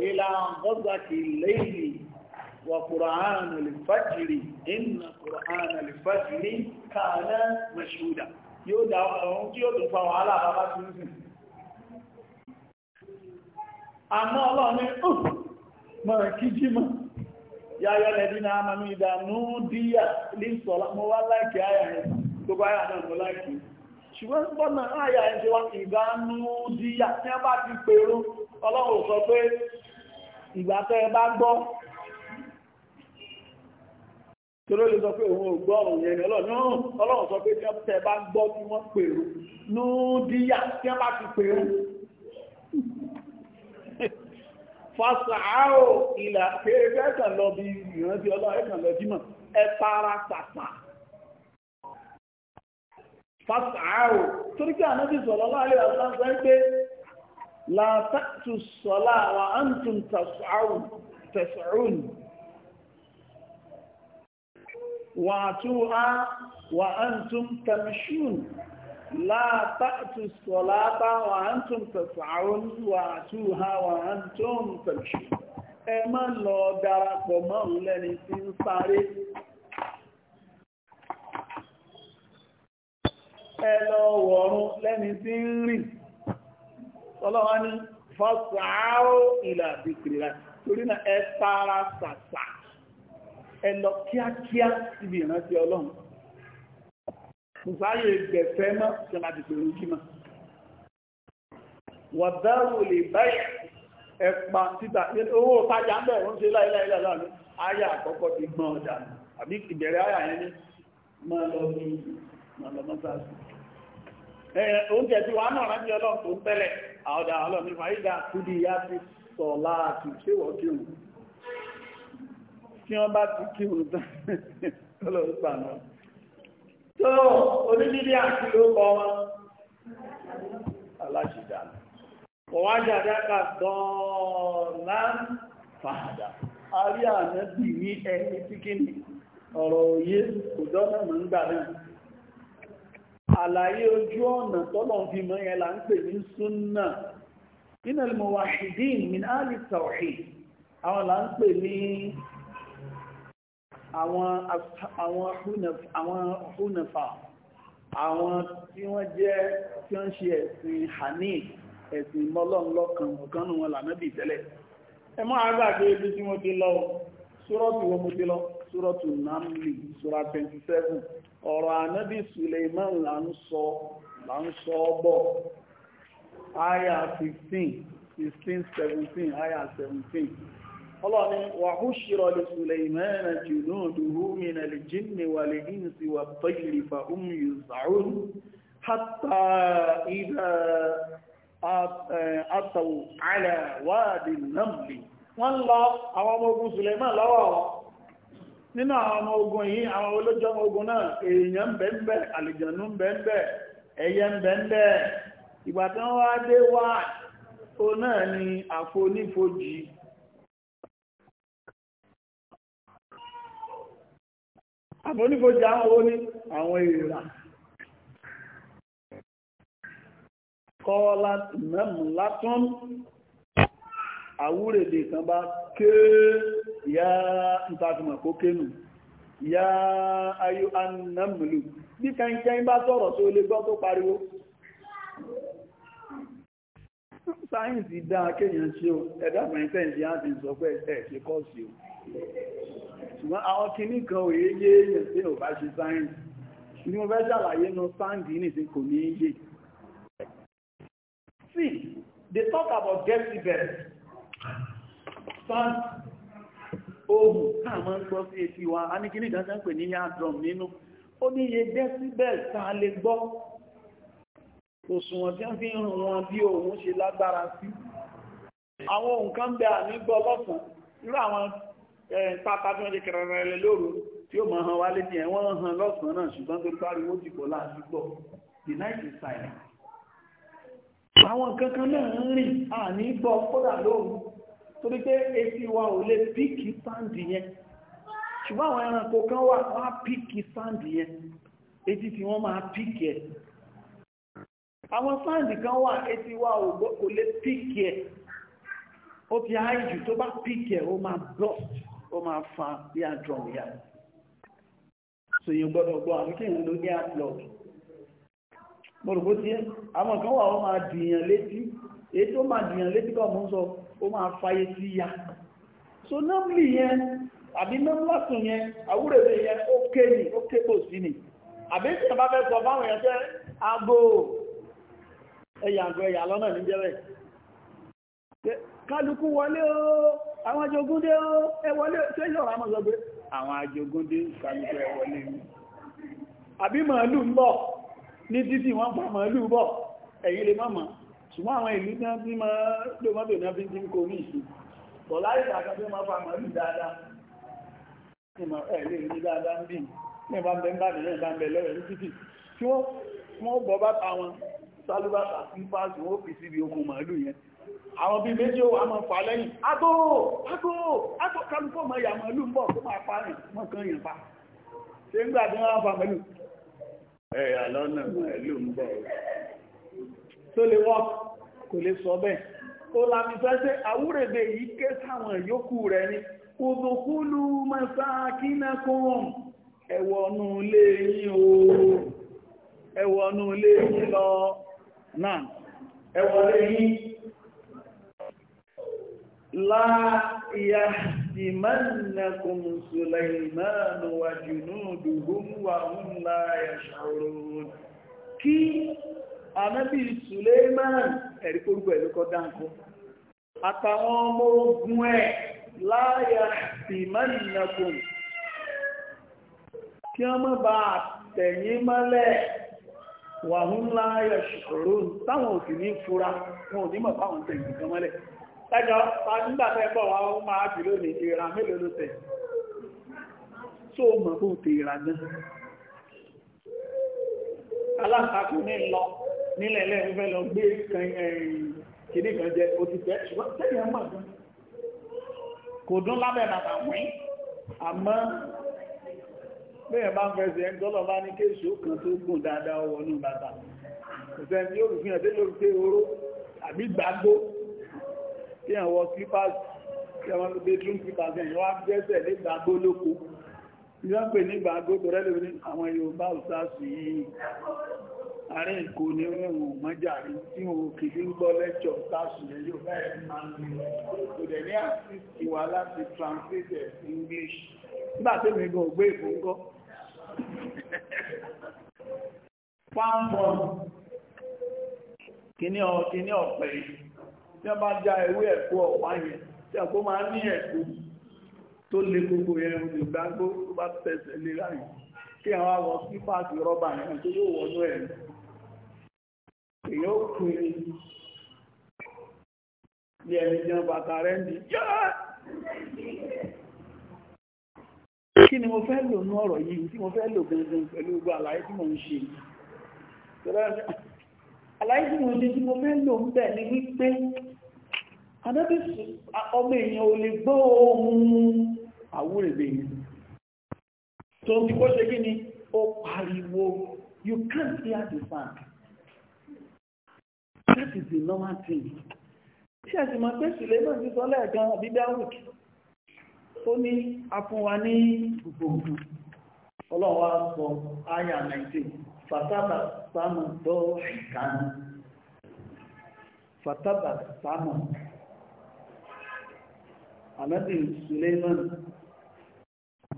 ìlà ọgbọ́gbàkì lẹ́yìn wà kùrán lè fàjìrì ìnà kùrán lè fàjìrì káàná mẹ́ṣúdà yóò dá ọ̀hún tí yóò tún fa wàhálà bàbá tí ń àmọ́ ọlọ́run ní ọ̀f mọ̀rẹ̀ yáyọ́ lẹ́bí náà máa ìdánú díyà lè sọ́lá wá láìkì àyà rẹ̀ tó bá yà náà mo láìkì ṣùgbọ́n bọ́nà àyà ẹ̀ wá torí olè sọ pé òun ò gbọ́ òun yẹn ni ọlọ́run sọ pé tí wọ́n tẹ bá gbọ́ kí wọ́n pèrò ní díyà tí wọ́n bá ti pèrò fásàáò ìlà pèrè ẹ̀kàn lọ bí ìrántí ọlọ́run ẹ̀kàn lọ jímọ̀ ẹ para sàṣà fásàáò torí kí ànábì sọ̀rọ̀ láàrin àṣà sọ pé làtàtù sọ̀lá àwọn àǹtùn tẹ̀sàáò واتوها وأنتم تمشون لا تأتوا الصلاة وأنتم تسعون واتوها وأنتم تمشون ẹ má lọ darapọ̀ mọ́ òun lẹ́ni tí ń sáré ẹ lọ wọ̀run lẹ́ni tí ń rìn ọlọ́wọ́ ní fọ́sàárò ìlàdìkìrì torí náà ẹ tààrà sàṣà ẹ lọ kíákíá síbi ìrántí ọlọ́run ìfàyè gbẹ̀fẹ́ mọ́ tí wọ́n ti pèrò jímọ̀ wọ̀dáwò lè báyìí ẹ̀pà títà owó tajà ń ṣe àkọ́kọ́ ti gbọ́n ọjà àbí ìbẹ̀rẹ̀ ayà yẹn ní máa lọ ní oúnjẹ tí wàá náà rántí ọlọ́run tó ń ọlọ́run yá tí wọ́n bá ti kí òun tán ọlọ́pàá náà tó onílé àti ló kọ wọn aláṣìdá ọ̀wájà dáka dọ́ọ̀lá fàdà a rí ànábì ní ẹni tí kí ni ọ̀rọ̀ òye kò dọ́nà mọ̀ ń gbà náà àlàyé ojú ọ̀nà tọ́lọ̀ fi mọ́ yẹn là ń pè ní súnnà nínú al-muwahhidin min ahli tawhid àwọn là ń pè ní àwọn húnafà àwọn tí wọ́n jẹ́ tí wọ́n ṣe ẹ̀sìn hanif ẹ̀sìn mọ́lọ́nlọ́kan ọ̀kan nù wọn lànàbì tẹ́lẹ̀ ẹ mọ́ àgbàgbé ibi tí wọ́n ti lọ súrọ́tù wọn mo ti lọ súrọ́tù nàmlì súra 27 ọ̀rọ̀ ànábì Suleiman là ń sọ là ń sọ bọ̀ aya 15 16 17 aya 17 ọlọ́ni wàhúṣìrọ̀ lè Sùlẹ̀mánà jùlọ dùhú mìnà lè jíni wà lè ìnsì wà tọ́jìlì fa umu yùsàún hátà ìdá àtàwò àlà wáàdì nàmlì wọ́n lọ àwọn ọmọ ogun Sùlẹ̀mánà lọ́wọ́ nínú àwọn ọmọ ogun yìí àwọn olójọ́ ọmọ ogun náà èèyàn bẹ́ẹ̀bẹ́ àlìjànú bẹ́ẹ̀bẹ́ ẹyẹ àfonífojì àwọn owó ní àwọn èèrà kọ́ọ́lá mẹ́mù látún àwúrèdè kan bá ké ya ìtàkùnmọ̀ kó kénù ya ayú annamlu bí kẹ́kẹ́ bá sọ̀rọ̀ tó lè gbọ́ tó pariwo sáyẹ̀nsì dáa kéèyàn ṣe o ẹ̀dá mẹ́rin tẹ́ǹsì á ti sọ pé ẹ̀ ṣe kọ́ọ̀sì o ṣùgbọ́n àwọn kìíní kan ò yé yé èèyàn tí ò bá ṣe sáyẹ̀nsì ni mo fẹ́ ṣàlàyé nu sáǹdì nìsín kò ní yé see they talk about decibel sound ohun tá a máa ń gbọ́ sí etí wa a ní kìíní kan sáà ń pè ní yá drum nínú ó ní iye decibel tá a lè gbọ́ òṣùwọ̀n tí wọ́n fi ń rùn wọn bí òun ṣe lágbára sí àwọn nǹkan bẹ àmì gbọ́ lọ́sàn-án irú àwọn pátá tí wọ́n ti kẹrẹrẹ lóru tí ó máa hàn wá létí ẹ̀ wọ́n hàn lọ́sàn-án náà ṣùgbọ́n tó pariwo ti pọ̀ láti gbọ́ the night is silent. àwọn kankan náà ń rìn àní gbọ́ kódà lóru torí pé etí wa ò lè píkì sáǹdì yẹn ṣùgbọ́n àwọn ẹranko kan wà wọ́n á píkì sáǹdì yẹn etí tí wọ́n máa píkì ẹ̀ àwọn sáǹdì kan wà etí wa ò lè píkì ẹ̀ ó ti háìjù tó bá píkì ẹ̀ ó máa bọ́ọ̀tì ó máa fa bí àdùn so sòyìn gbọ́dọ̀ gbọ́ àmì kí n lo ní àplọg mo rò bó tiẹ̀ àwọn kan wà ó máa dìyàn létí èyí tó máa dìyàn létí kọ́ mo sọ ó máa fàyè sí ya so nọ́ọ̀lì yẹn àbí nọ́ọ̀lásùn yẹn àwúrẹ̀lẹ̀ yẹn ó ké ní ó ké pò sí ni àbí tí ẹ fẹ́ sọ fáwọn èèyàn jẹ́ agbó ẹ̀yà àgọ́ ẹ̀yà lọ́nà níjẹ́rẹ̀ kálukú wọlé ooo àwọn ajogúndé ẹwọlé tí yọ ọ̀rọ̀ amọ́sọ pé àwọn ajogúndé kàlùkù ẹwọlé mi àbí màálù ń bọ̀ ní títì wọ́n pa màálù bọ̀ ẹ̀yìn lè mọ́mọ́ ṣùgbọ́n àwọn ìlú náà bí máa lò mọ́tò náà fi dín kò ní ìṣù bọ̀ láyé kàkan tó máa fa màálù dáadáa ìmọ̀ ẹ̀ lè rí dáadáa ń bì ní ìbá ń bẹ ń bá nìyẹn ìbá ń bẹ àwọn bíi méjì ó ma fà lẹ́yìn agbó agbó agbó kálùkọ́ mọ̀ ìyà mọ̀lú pọ̀ tó máa pa rìn mọ́ kan yìn pa ṣe ń gbà wọ́n fà mọ̀lú ẹ̀yà lọ́nà na ń bọ̀ tó lè wọ́ kò lè sọ bẹ́ẹ̀ kò lámì fẹ́ ṣe àwúrèdè yìí ké sáwọn ìyókù rẹ̀ ni òdòkúlù mọ́sákínákùn ẹ̀wọ̀nù lè o ẹ̀wọ̀nù lè lọ náà ẹ̀wọ̀n lè لا يهدمنكم سليمان وجنوده وهم لا يشعرون kí Ànábì Suleiman ẹ̀rí kórúkọ ẹ̀lú kọ dáńkọ́ àtàwọn ọmọ ogun ẹ̀ la yahtimannakum kí wọ́n má bá tẹ̀yìn mọ́lẹ̀ wa hum la yash'urun táwọn òsì ní fura wọn ò ní mọ̀ fáwọn tẹ̀yìn kan mọ́lẹ̀ ẹjọ́ nígbàtẹ́ bọ̀ wá ó máa jù lónìí ìran mélòó ló tẹ̀ tó mọ̀ bó tè ìran náà aláǹtakù ní lọ nílẹ̀ lẹ́ẹ̀fẹ́ lọ gbé kìíní kan jẹ òtítẹ́ ṣùgbọ́n tẹ́lẹ̀ mọ̀ gan kò dún lábẹ́ bàbá wín àmọ́ bẹ́ẹ̀ bá ń kí ẹ̀wọ́ slippers kí ẹ̀wọ́n bedroom slippers ẹ̀yìn wá gẹ́sẹ̀ nígbàgbó lóko ìjọ́pẹ̀ nígbàgbó tó rẹ́lẹ̀ ní àwọn Yorùbá òsáàsì yìí àárín ìkò ní ẹ̀wọ̀n mọ́jàrí tí wọ́n kì í gbọ́ lẹ́kṣọ̀ òsáàsì rẹ̀ yóò bẹ́ẹ̀ máa ń lò kò dẹ̀ ní àṣìṣì wá láti translate English nígbà tó mi gan ògbé ìfúnkọ́ ọ̀pẹ̀ yìí tí a bá já ewé ẹ̀kọ́ ọ̀wá yẹn tí a kó máa ní ẹ̀kọ́ tó lè gbogbo yẹn o lè gbá gbó tó bá tẹ̀sẹ̀ lé láyìn kí àwọn awọ sípàsì rọ́bà yẹn tó yóò wọnú ẹ̀ èyí ó kiri ní ẹni jẹun bàtà rẹ̀ ń di yáà kí ni mo fẹ́ lò ní ọ̀rọ̀ yìí tí mo fẹ́ lò gangan pẹ̀lú gbogbo àlàyé tí mo ń ṣe aláìsí ìròdí tí mo fẹ́ lò ń bẹ̀ ní wípé adábẹ́sì ọmọ èèyàn ò lè gbọ́ ohun àwúrẹ̀bẹ̀ yìí tó ń fi kó ṣe kí ni ó pariwo you can't hear the sound that is the normal thing ṣe àti máa pé ṣùlẹ̀ náà ti sọ lẹ́ẹ̀kan àbí dáwùkì ó ní afúnwa ní gbogbo ọlọ́wọ́ sọ áyà 19 fataba samu dọ́ọ̀kan fataba samu anabi suleiman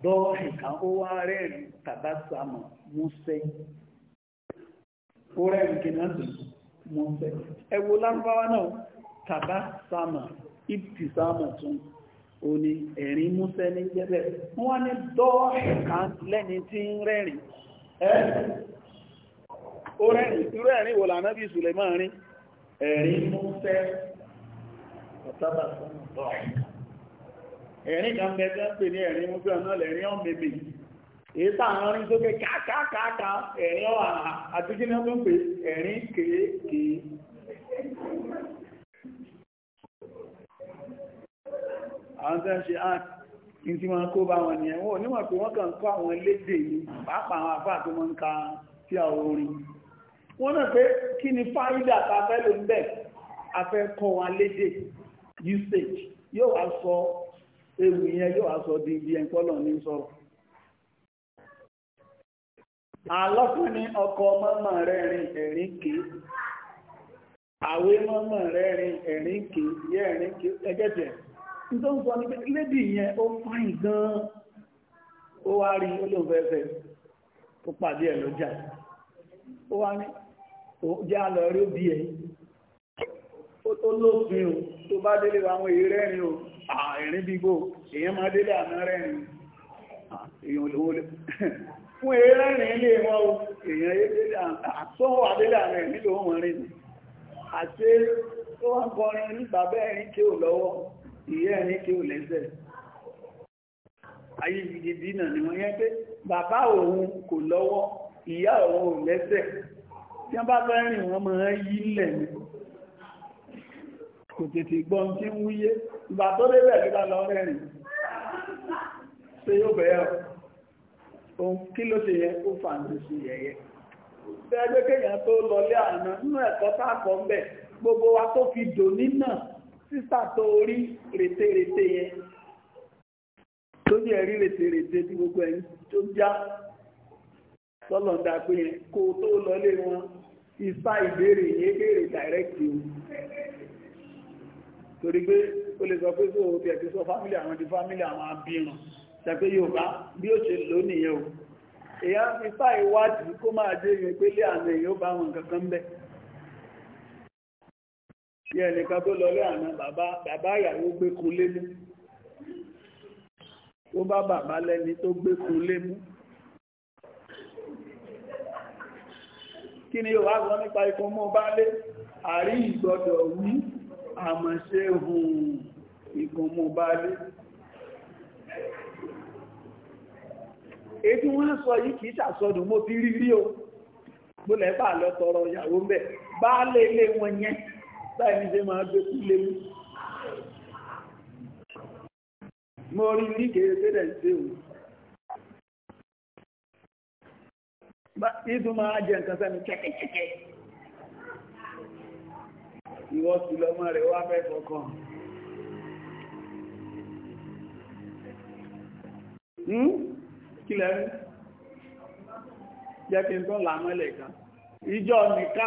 dọ́ọ̀kan ó wá rẹ́rìn tàbá samu musẹ́ ó rẹ́rìn kí náà tó musẹ́ ẹ wo lárúbáwá náà tàbá samu ipti samu tún òní ẹ̀rín musẹ́ ní jẹ́bẹ̀ wọ́n ní dọ́ọ̀kan lẹ́ni tí ń rẹ́rìn ẹ́ ó rẹ́rìn irú ẹ̀rin wò lànà bí Suleiman rí ẹ̀rin músẹ́ ọ̀tábà sọ́nà ẹ̀rin kan bẹ́ẹ̀ pè ní ẹ̀rin músẹ́ ọ̀nà lẹ̀rin ọ̀mẹ̀mẹ̀ èyí táwọn rí sókè káàkáàkáà ẹ̀rin ọ̀ àtúntí náà tó ń pè ẹ̀rin kéèké àwọn tó ń ṣe art ní tí wọ́n kó bá wọn nìyẹn wọ́n níwọ̀n pé wọ́n kàn kọ́ àwọn lédè ní pàápàá àwọn àfáà tó mọ́ ń ka tí àwọn orin wọ́n náà pé kí ni fárídà ta fẹ́ ló ń bẹ̀ afẹ́ kọ́ wa lédè usage yóò wá sọ ewu yẹn yóò wá sọ di ibi ẹ̀ńkọ́ náà ní sọ̀rọ̀ alọ́kùnrin ọkọ̀ mọ́mọ́ rẹ̀ rìn ẹ̀rín kìí àwé mọ́mọ́ rẹ̀ rìn ẹ̀rín kìí yẹ ẹ̀rín kìí ẹgẹ́jẹ̀ tó ń sọ ní pé lédì yẹn ó fáìn gan-an ó wá rí olóòfẹ́fẹ́ ó pàdé ẹ̀ lọ́jà ó wá ní já lọ rí bí ẹ̀ ó lófin o tó bá délé àwọn èyí rẹ́rin o àìrín bígbò èyàn máa délé àmì rẹ́rin èyàn olówó lè fún èyí rẹ́rin ilé wọn o èyàn àtọ́wọ́ àdélé àmì rẹ̀ nílò wọn rìn àti tó wá kọrin nígbà bẹ́ẹ̀rin kí ò lọ́wọ́ ìyẹ́ ẹ̀rin kí ò lẹ́sẹ̀ ayé gidi dínà ni wọ́n yẹ́ pé bàbá òun kò lọ́wọ́ ìyá òun lẹ́sẹ̀ tí wọ́n bá fẹ́ rìn wọ́n mọ̀ yí lẹ̀ ní kò tètè gbọ́n tí ń wúyé ìgbà tó dé bẹ̀rẹ̀ bá lọ rẹ̀rìn ṣe yóò bẹ̀rẹ̀ ohun kí ló ṣe yẹ ó fà ní sí yẹyẹ tẹ́gbẹ́ kéèyàn tó lọlé àná nínú ẹ̀kọ́ sáàkọ́ ń bẹ̀ gbogbo wa tó fi dò nínà sísà tó orí rètérètè yẹn tó jẹ́ rí rètérètè tí gbogbo ẹ̀yìn tó já sọ́lọ̀ dàgbé yẹn kó tó lọlé wọn ìsá ìbéèrè yẹn béèrè dàírẹ́kì o torí pé o lè sọ pé tó o tẹ̀ ti sọ fámílì àwọn ti fámílì àwọn abirùn ṣàpé Yorùbá bí ó ṣe lò nìyẹn o èyàn fi sá ìwádìí kó máa dé yẹn pé lé àná èyàn bá wọn kankan bẹ́ẹ̀ bí kí ni yóò wá sọ nípa ikú mọ́ bá lé àrí ìgbọ́dọ̀ wí àmọ̀ṣe hùn ikú mọ́ bá lé ètí wọ́n sọ yìí kìí ṣàsọdùn mo ti rí rí o mo lẹ́bà lọ tọrọ ìyàwó mẹ́ bá lè lé wọn yẹn báyìí ṣe máa gbé kú léwu mo rí ní kèrè tẹ́lẹ̀ ń òun ìtù máa jẹ nǹkan sẹ́nu kẹ́kẹ́kẹ́kẹ́ ìwọ́ sí lọ́mọ rẹ̀ wá fẹ́ kọ̀ọ̀kan hmm? kí lẹ́rí jẹ́ kí n tó làmọ́lẹ̀ kan ìjọ nìká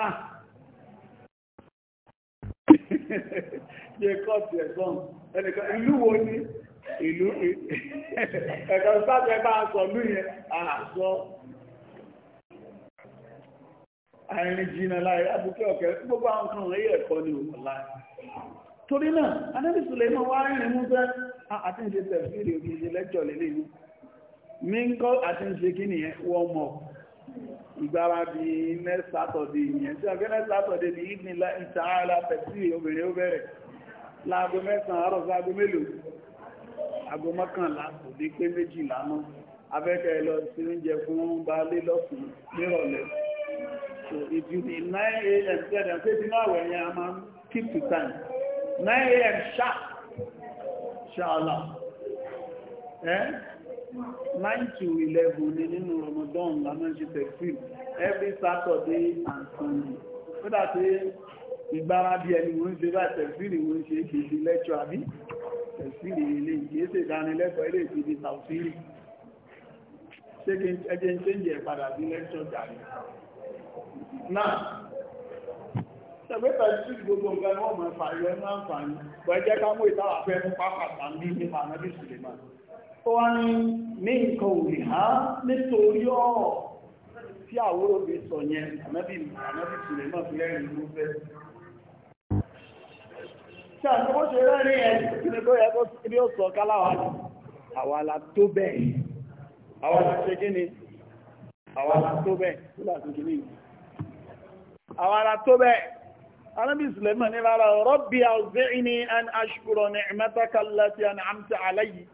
jẹ́ kọ́ọ̀tù ẹ̀gbọ́n ẹnìkan ìlú wo ni ìlú ẹ̀kọ̀ sáfẹ́ bá sọ lú yẹn àìrìn jìnà láì abúkẹ́ ọ̀kẹ́ gbogbo àwọn kan rẹ̀ ẹ̀kọ́ ni òun láì torí náà anábì Suleiman wá rìnrìn mú fẹ́ àti ń ṣe tẹ̀fìrì òkè ṣe lẹ́jọ̀ lélẹ̀ yìí mi ń kọ́ àti ń ṣe kí nìyẹn wọ́n mọ̀ ìgbáradì next Saturday ìyẹn tí ọ̀gẹ́ next Saturday ní ìdínlá ìtààlà tẹ̀fìrì obìnrin ó bẹ̀rẹ̀ láago mẹ́sàn-án àárọ̀ sí aago mélòó aago mọ́kànlá kò dé pé méjìlá náà abẹ́kẹ́ lọ sí oúnjẹ So if you in 9 a.m. said and said, you know where I am, keep to time. 9 a.m. sharp. Inshallah. Eh? 9 to 11 in nínú Ramadan la máa ń ṣe tẹ̀sí every Saturday and Sunday. Ó dà pé ìgbáradì ẹni wọ́n ń ṣe bá tẹ̀sí ni wọ́n ń ṣe kìí di lẹ́tọ̀ àbí tẹ̀sí ni ilé ìgbésẹ̀ ìdánilẹ́kọ̀ọ́ ilé ìfìdí tàùsírì. Ṣé kí ẹjẹ́ ń ṣe ń jẹ padà sí lẹ́tọ̀ jàre? náà ṣẹ̀gbẹ́ta sí gbogbo nǹkan ni wọ́n mọ̀ ẹ̀fà yọ ní àǹfààní bọ̀ ẹ jẹ́ ká mú ìtawà fẹ́ mú pápátá ní nípa ànábì sùlẹ̀mà ó wá ní ní nǹkan ò lè há nítorí ọ̀ tí àwòrò mi sọ yẹn ànábì sùlẹ̀mà fi rẹ́rìn ló fẹ́ ṣe àtúbọ̀ ṣe rẹ́rìn ẹ̀ ní tó yẹ kó ibi ó sọ káláwa àwa la tó bẹ́ẹ̀ àwa la ṣe kí ni àwa la tó bẹ́ẹ̀ àwọn ará tó bẹ́ẹ̀ anábì Sulaiman ní rárá rabbi awzi'ni an ashkura ni'mataka allati an'amta alayya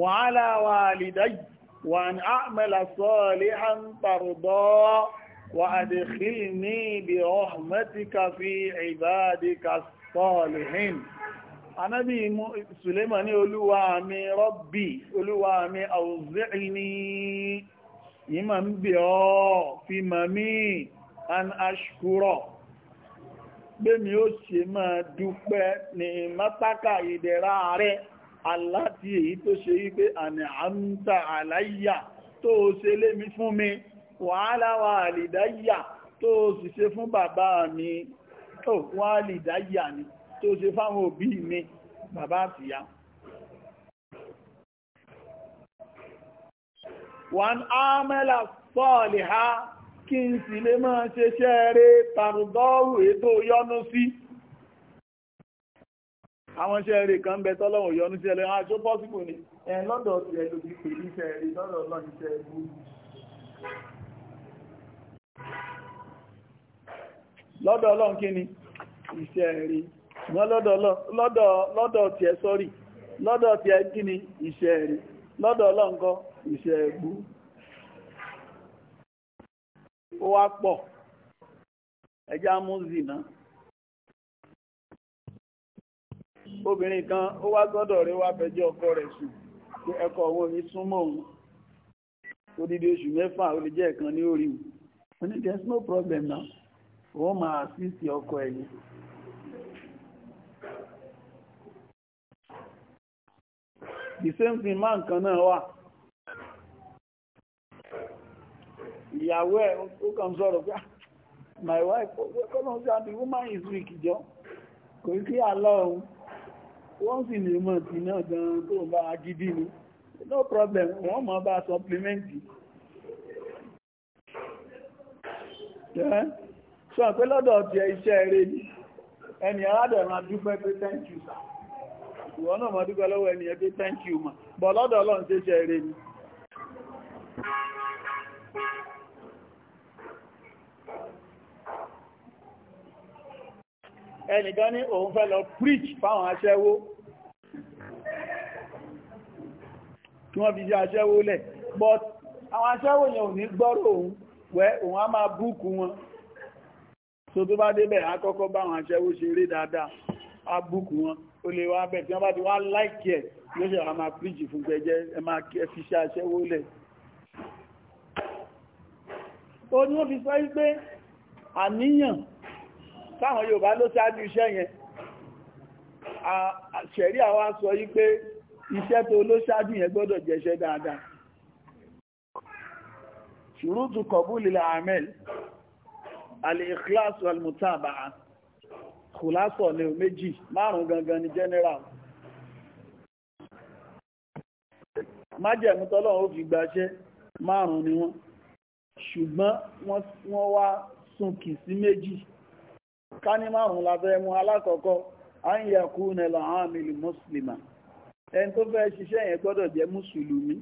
wa ala walidayya wa an a'mala salihan tardah wa adkhilni bi rahmatika fi ibadika salihin anábì Suleiman ní olúwa mi rọ́bì olúwa mi ní an ashkuro gbémi ó ṣe máa dúpẹ́ ní mátàkà ìdẹ̀ra rẹ̀ aláti èyí tó ṣe wípé àmì àmúta àláyà tó ṣe lémi fún mi wàhálà wà àlìdáyà tó sì ṣe fún bàbá mi tó wà àlìdáyà ni tó ṣe fáwọn òbí mi bàbá àtìyá wọ́n á mẹ́lá sọ́ọ̀lì ha kí n sì lè máa ṣeṣẹ́ rẹ̀ tàrùdọ́rù ètò yọ́nú sí àwọn iṣẹ́ rẹ̀ kan bẹ tọ́lọ́run yọ́nú sí ẹlẹ́ aṣó pọ́síkò ni lọ́dọ̀ ti pè lọ́dọ̀ iṣẹ́ lọ́dọ̀ ọlọ́run kí ó wá pọ̀ ẹjá mú zìnà obìnrin kan ó wá gọ́dọ̀ rẹ̀ wá fẹjọ́ ọkọ rẹ̀ sùn pé ẹkọ òun mi súnmọ́ òun odidi oṣù mẹ́fà ó lè jẹ́ ẹ̀kan ní orí o ní there's no problem now òun máa assist ọkọ ẹ̀yìn the same thing man kan náà wà ìyàwó ẹ̀ ó kàn sọ̀rọ̀ pé ah, my wife kọ́lọ́n sí àti woman is weak jọ kò sí àlọ́ ohun wọ́n sì lè mọ̀ tí náà gan tó ń bá agídí ni no problem wọ́n mọ̀ bá supplementi sọ pé lọ́dọ̀ ti ẹ iṣẹ́ rẹ̀ ni ẹni aládọ̀ràn dúpẹ́ pé thank you sir ìwọ náà mọ̀ dúpẹ́ lọ́wọ́ ẹni ẹ pé thank you ma bọ̀ lọ́dọ̀ ọlọ́run ṣe iṣẹ́ rẹ̀ ni ẹnìkan ní òun fẹ́ lọ preach fáwọn aṣẹ́wó kí wọ́n fi ṣe aṣẹ́wó lẹ̀ but àwọn aṣẹ́wó yẹn ò ní gbọ́rọ̀ òun wẹ́ òun á máa búùkù wọn so tó bá débẹ̀ á kọ́kọ́ bá àwọn aṣẹ́wó ṣeré dáadáa á búùkù wọn ó lè wá bẹ̀ tí wọ́n bá ti wá láìkì ẹ̀ ló ṣe àwọn máa preach fún gbẹjẹ́ ẹ máa fi ṣe aṣẹ́wó lẹ̀ ó ní wọ́n fi sọ wípé àníyàn táwọn Yorùbá ló ṣáájú iṣẹ́ yẹn ṣẹ̀rí àwa sọ yí pé iṣẹ́ tó ló ṣáájú yẹn gbọ́dọ̀ jẹ́ iṣẹ́ dáadáa ṣùrútù kọ̀búlì àmẹ́l alìkíláàsù alìmùtàbà kùlásọ̀ ní méjì márùn gangan ní general májẹ̀mú tọ́lọ̀ ó fi gbaṣẹ́ márùn ni wọ́n ṣùgbọ́n wọ́n wá súnkì sí méjì kani ma n lave emu alakokko a n yi aku nela amili musulman en to fe ise enye kodode je musulmi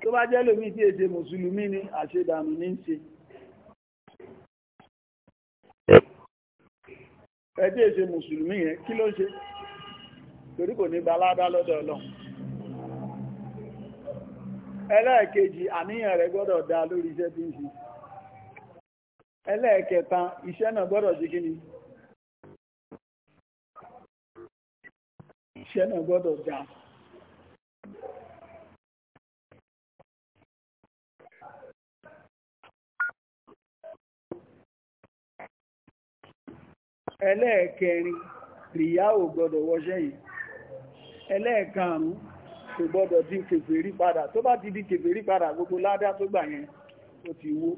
to ma je lomi ti ete musulmi ni ashe danu n nisee ete ete musulmi en ki lo se tori ko ni balada lodo la n'ele ekeji ami enyere kodode da lori ise binje ẹlẹ́ẹ̀kẹta iṣẹ́ náà gbọ́dọ̀ ṣe kí ni iṣẹ́ náà gbọ́dọ̀ já ẹlẹ́ẹ̀kẹrin rìyá ò gbọ́dọ̀ wọṣẹ́ yìí ẹlẹ́ẹ̀karùn-ún kò gbọ́dọ̀ di kèfèrí padà tó bá ti di kèfèrí padà gbogbo ládá tó gbà yẹn ó ti wó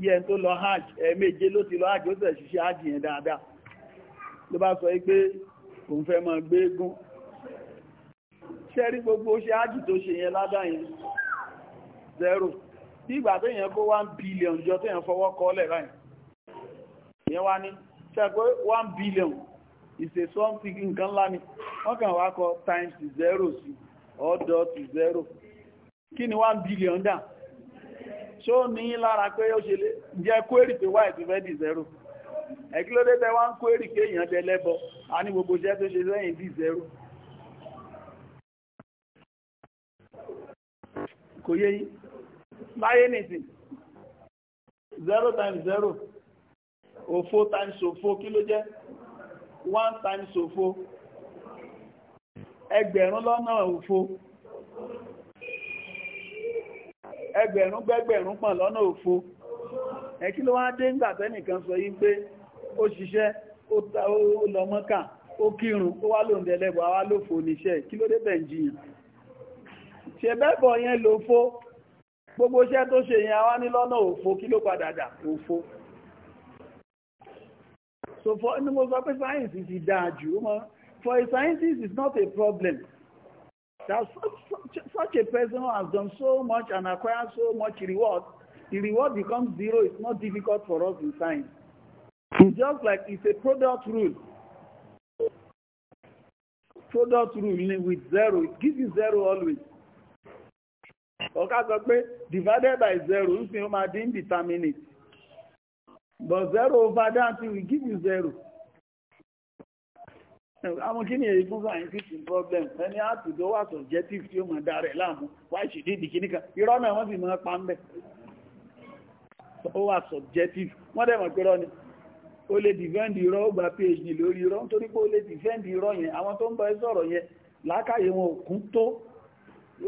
bí tó lọ hajj ẹ̀ẹ̀méje ló ti lọ hajj ó sì ṣiṣẹ́ hajj yẹn dáadáa ló bá sọ pé kò fẹ́ máa gbé gún ṣe gbogbo ṣe hajj tó ṣe yẹn ládá zero bí ìgbà tó yẹn kó one billion jọ tó yẹn fọwọ́ kọ́lẹ̀ ráyìn yẹn wá ní ṣe pé one billion is something nǹkan ńlá ni wọ́n kàn wá kọ times zero sí ọ̀dọ̀ sí zero kí ni one billion dà ṣó ní lára pé ó ṣe lè jẹ́ kwérì wáyé fẹ́ zero ẹ̀kílódé tẹ́ wá ń kwérì èèyàn a ní gbogbo iṣẹ́ tó ṣe sẹ́yìn di zero kò yé yín láyé nìsín zero times zero òfo times òfo kí ló one ẹgbẹ̀rún gbẹ́gbẹ̀rún pọ̀ lọ́nà òfo ẹ ló wá dé ńgbà tẹ́nìkan sọ yí pé ó ṣiṣẹ́ ó lọ ó kírun ó wá lóun dẹ̀lẹ́bọ̀ àwa lófo níṣẹ́ kí ló dé bẹ̀ ń jiyàn ṣe bẹ́bọ̀ yẹn lófo gbogbo iṣẹ́ tó ṣe yẹn àwa ní lọ́nà òfo kí ló padà dà òfo so for ní mo sọ pé science ti dáa jù for science is not a problem that such, such a person who has done so much and acquired so much reward, the reward becomes zero. It's not difficult for us in science. It's hmm. just like it's a product rule. Product rule with zero. It gives you zero always. Ọ̀ká sọ divided by zero you sin ó máa dín determinate. But zero over that will give you zero àwọn kí ni èyí fún scientific problem ẹni àtùdó wà subjective tí ó mọ̀ dárẹ̀ láàmú why she did kìíní kan irọ́ náà wọ́n sì mọ́ pa ń bẹ̀ ó wà subjective wọ́n dẹ̀ mọ̀ pé irọ́ ni ó lè defend irọ́ ó gba phd lórí irọ́ nítorí pé ó lè defend irọ́ yẹn àwọn tó ń bọ́ sọ̀rọ̀ yẹn làákàyè wọn ò kún tó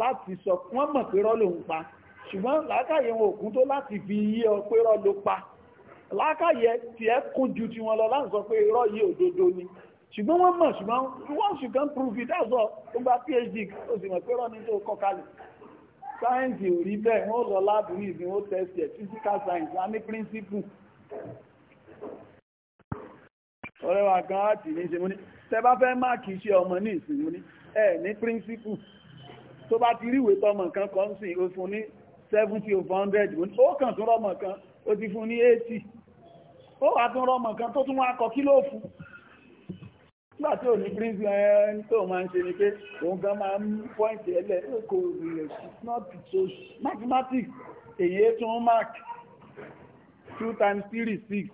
láti sọ wọ́n mọ̀ pé irọ́ ló ń pa ṣùgbọ́n làákàyè wọn ò kún tó láti fi yí ọ pé irọ́ ló pa làákàyè tiẹ̀ kún ju tiwọn lọ láti sọ pé irọ́ yìí òdodo ni ṣùgbọ́n wọ́n mọ̀ ṣùgbọ́n once you can prove it as well, ó gba phd ó sì mọ̀ pé rọ́ọ̀nì tó kọ́ kalẹ̀ sáyẹ́ǹsì ò rí bẹ́ẹ̀ wọ́n lọ láàbù ní ìgbìn test ẹ̀ physical science a ní principle ọ̀rẹ́ wa gan áàtì ní ṣe mú ní tẹ́ bá fẹ́ máàkì iṣẹ́ ọmọ ní ìsìn mú ní ẹ̀ ní principle tó bá ti rí ìwé tọmọ kan kan sí ó fún ní 70 of 100 mú ní ó kàn tún rọ́mọ kan ó ti fún ní 80 ó wà tún rọ́mọ kan tó tún wá kọ kí ló fún nígbà tí ò ní prínsì ẹni tó máa ń ṣe ni pé òun gan máa ń pọ́ìntì ẹlẹ́ kò rẹ̀ not so mathematics èyí tún mark two times three six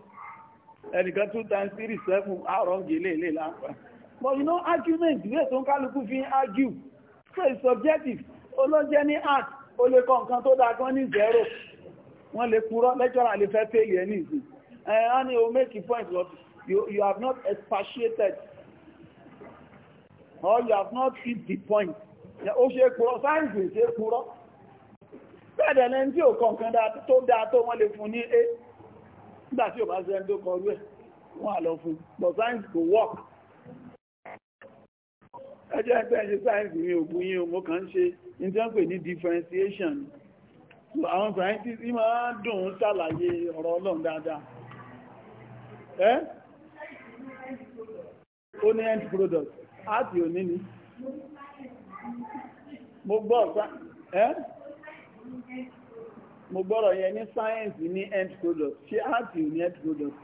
ẹnìkan two times three seven àrùn gèlè ilé láǹfà but you know argument ìwé tó ń kálukú fi ń argue so it's subjective olóúnjẹ ní art ó lè kọ nǹkan tó dáa gan ní zero wọ́n lè purọ́ lẹ́jọ́ra lè fẹ́ pèlè ẹ̀ ní ìsìn ẹ̀ á ní o oh, make a point you, you have not expatiated or you have not hit the point ó ṣe purọ́ sáyẹ̀nsì ṣe purọ́ bẹ́ẹ̀dẹ̀ lẹ́ni tí ò kọ̀ọ̀kan tó dáa tó wọ́n lè fún ní a nígbà tí ò bá ṣe ń tó kọrú ẹ̀ wọ́n àlọ́ fún but sáyẹ̀nsì kò work ẹjọ́ ẹgbẹ́ ṣe sáyẹ̀nsì mi ògùn yín o mo kàn ń ṣe ní tí ní differentiation àwọn scientists yí máa dùn ún ṣàlàyé ọ̀rọ̀ ọlọ́run dáadáa ẹ́ ó ní end product áti òní ni mo gbọ́ ẹ́ mo gbọ́rọ̀ yẹn ní sáyẹ́ǹsì ní end product ṣé áti òní end product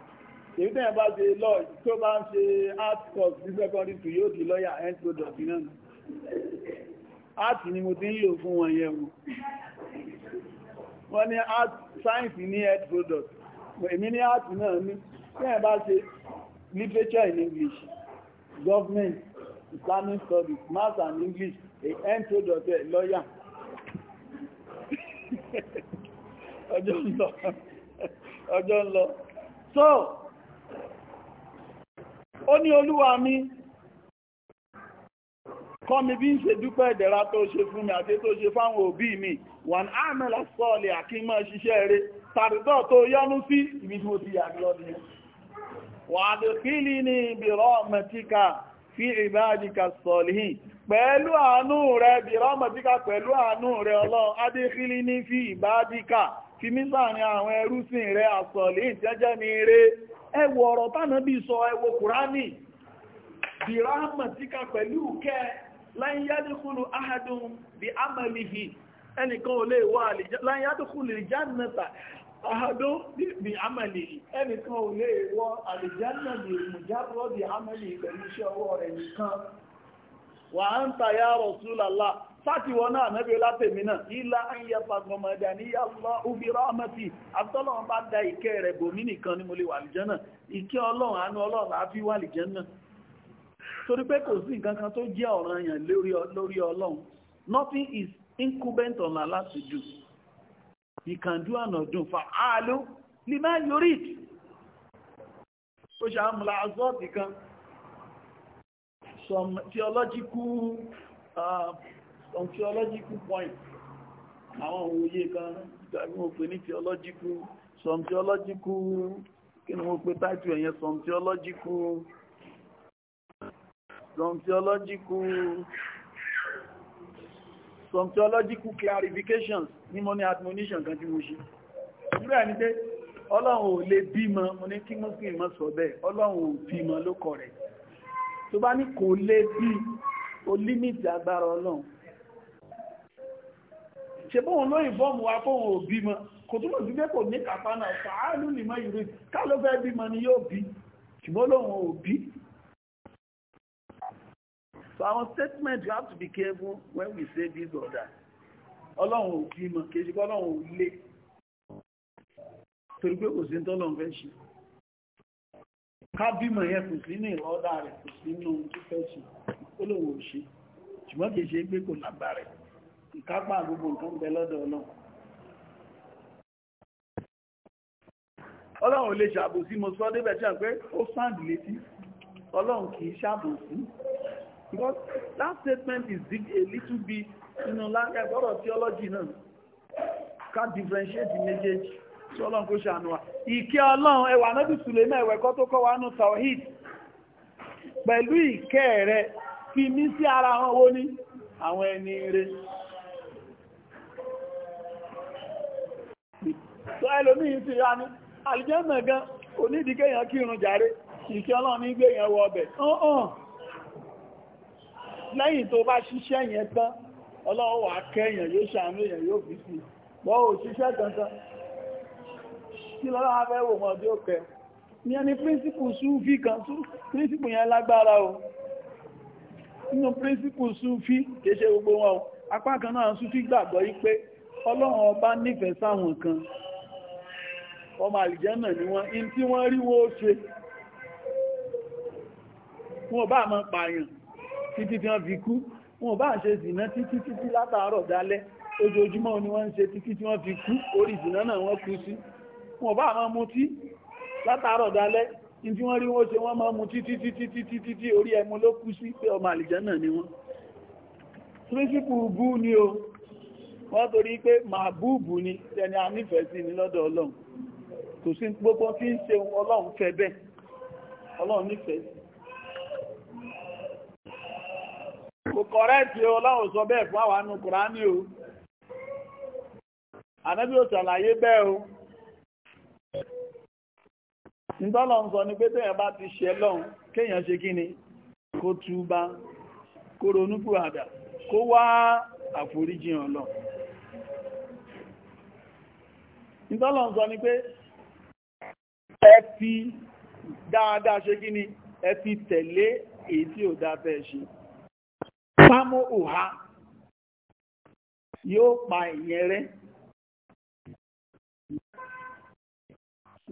èyí tẹ́yẹ bá ṣe lọ tó bá ń ṣe art course ní secondary two yóò di lọ́yà end product náà art ni mo ti ń lò fún wọn yẹn wọn wọ́n ní art science ní end product èmi ní art náà ní tẹ́yẹ bá ṣe literature in English government Islamic studies, math and English, a entry a lawyer. Ọjọ́ ń lọ. Ọjọ́ ń lọ. So, ó ní olúwa mi, kọ́ mi bí ń ṣe dúpẹ́ ìdẹ̀ra tó ṣe fún mi àti tó ṣe fáwọn òbí mi, wọ́n á mẹ́lá sọ́ọ̀lì àkímọ̀ ṣiṣẹ́ rẹ̀, tàbítọ́ tó yọ́nú sí ibi tí mo ti yà lọ nìyẹn. Wà á dẹ̀ kí fi ìbáàdìkà sọ̀lìhìn pẹ̀lú àánú rẹ̀ bí rọ́mọ̀tíkà pẹ̀lú àánú rẹ̀ ọlọ́run adékílí ní fi ìbáàdìkà fi mísàrin àwọn ẹrúsìn rẹ̀ àsọ̀lìhìn jẹ́jẹ́ ní eré ẹwọ ọ̀rọ̀ tánàbí sọ ẹwọ kùránì bí rọ́mọ̀tíkà pẹ̀lú àádọ́ bí àmàlì ẹnìkan ò lè wọ àlìjánà bí mùjábọ́ bí àmàlì pẹ̀lú iṣẹ́ ọwọ́ rẹ̀ nìkan wà á ń tàyà Rasulullah sáti wọn náà nẹ́bí látèmi náà ilá ayé fagbọmọdé àníyá lọ ubi rahmati àtọ́lọ́wọ́n bá da ìkẹ́ rẹ̀ bòmí nìkan ní mo lè ìkẹ́ ọlọ́run àánú ọlọ́run kan lórí you can do and not do fa'alu lima yurid ó ṣe àmúlà azọ́ọ̀tì kan some theological uh, some theological point àwọn òye kan tàbí wọ́n pè ní theological some theological kí ni wọ́n pè táìtù ẹ̀yẹn some theological some theological some theological clarifications ní mo ní admonition kan tí mo ṣe irú ẹni pé ọlọ́run ò lè bímọ mo ní kí muslim mọ́ sọ bẹ́ẹ̀ ọlọ́run ò bímọ ló kọ̀ rẹ̀ tó bá ní kò lè bí o límìtì agbára ọlọ́run ṣe bóhun ló ìfọ́ọ̀mù wa fóhun ò bímọ kò túnmọ̀ sí pé kò ní kàfánà ṣàálù nìmọ̀ ìrìn ká ló fẹ́ bímọ ni yóò bí ṣùgbọ́n lóhun ò bí So our statement, you have to be careful when we say this or that. Ọlọ́run ò bí mọ̀, kìí ṣe pé Ọlọ́run ò lé. Torí pé kò sí ń tọ́lọ̀ fẹ́ ṣe. Ká bímọ yẹn kò sí ní ìrọ́dà rẹ̀, kò sí nínú ohun tó fẹ́ ṣe. Ó lòun ò ṣe. Ṣùgbọ́n kìí ṣe pé kò lágbára. Ìkápá gbogbo nǹkan bẹ lọ́dọ̀ Ọlọ́run. Ọlọ́run ò lè ṣàbòsí, mo sọ débẹ̀ tí a pé ó sáàdì létí. Ọlọ́run kìí ṣàbòsí. Because that statement is a little bit, you know, like a lot of theology Can't differentiate the message. Tí Ọlọ́run kó ṣàánú wa. Ìkẹ́ Ọlọ́run ẹwà náàbì Sùlẹ́mà ẹ̀wẹ̀kọ́ to kọ́ wa nù Tawhid. Pẹ̀lú ìkẹ́ rẹ̀ fi mí sí ara wọn wó ní àwọn ẹni rẹ̀. Tó ẹlòmíyìn ti rá ní, àlìjẹ́ mẹ̀gán, onídìí kéèyàn kírun jàre, ìkẹ́ Ọlọ́run ní lẹ́yìn tó bá ṣiṣẹ́ yẹn tán ọlọ́wọ́ wà kẹ́yàn yóò ṣàánú èèyàn yóò fi sí bọ́ ò ṣiṣẹ́ kankan kí lọ́lọ́ afẹ́ wò wọn bí ó kẹ ní ẹni príncipù súnfí kan príncipù yẹn lágbára o nínú príncipù súnfí kéṣe gbogbo wọn o apá kan náà súnfí gbàgbọ́ yí pé ọlọ́run ọba nífẹ̀ẹ́ sáwọn kan ọmọ àlìjẹ́nà ni wọ́n in tí wọ́n rí wọ́n ó ṣe wọn ò bá máa pààyàn títí tí wọ́n fi kú wọn bá ṣe zìnà títí títí látàárọ̀ dálẹ́ ojoojúmọ́ ni wọ́n ń ṣe títí tí wọ́n fi kú orí zìnà náà wọ́n kú sí wọn bá máa mutí látàárọ̀ dálẹ́ ní tí wọ́n rí wọ́n ṣe wọ́n máa mutí títí títí títí orí ẹmu ló kú sí pé ọmọ àlìjẹ́ náà ni wọ́n prínsípù bú ni o wọ́n torí pé máa búùbù ni ẹni a nífẹ̀ẹ́ sí ni lọ́dọ̀ ọlọ́run kò sí gbogbo tí ń ṣe ọlọ́run fẹ́ bẹ́ẹ̀ ọlọ́run nífẹ̀ẹ́ sí kò kọ̀rẹ́tì ọlọ́run sọ bẹ́ẹ̀ fún àwọn anú kùránì o ànábí ò ṣàlàyé bẹ́ẹ̀ o nítọ́lọ̀ ń sọ ni pé tẹ́yàn bá ti ṣe lọ́hun kéèyàn ṣe kíni kó túbá kó ronúpù àdà kó wá àforíjì ọlọ́ nítọ́lọ̀ ń sọ ni pé ẹ fi dáadáa ṣe kíni ẹ fi tẹ̀lé èyí tí ò dá fẹ́ ṣe sámú òhá pa ìyẹn rẹ̀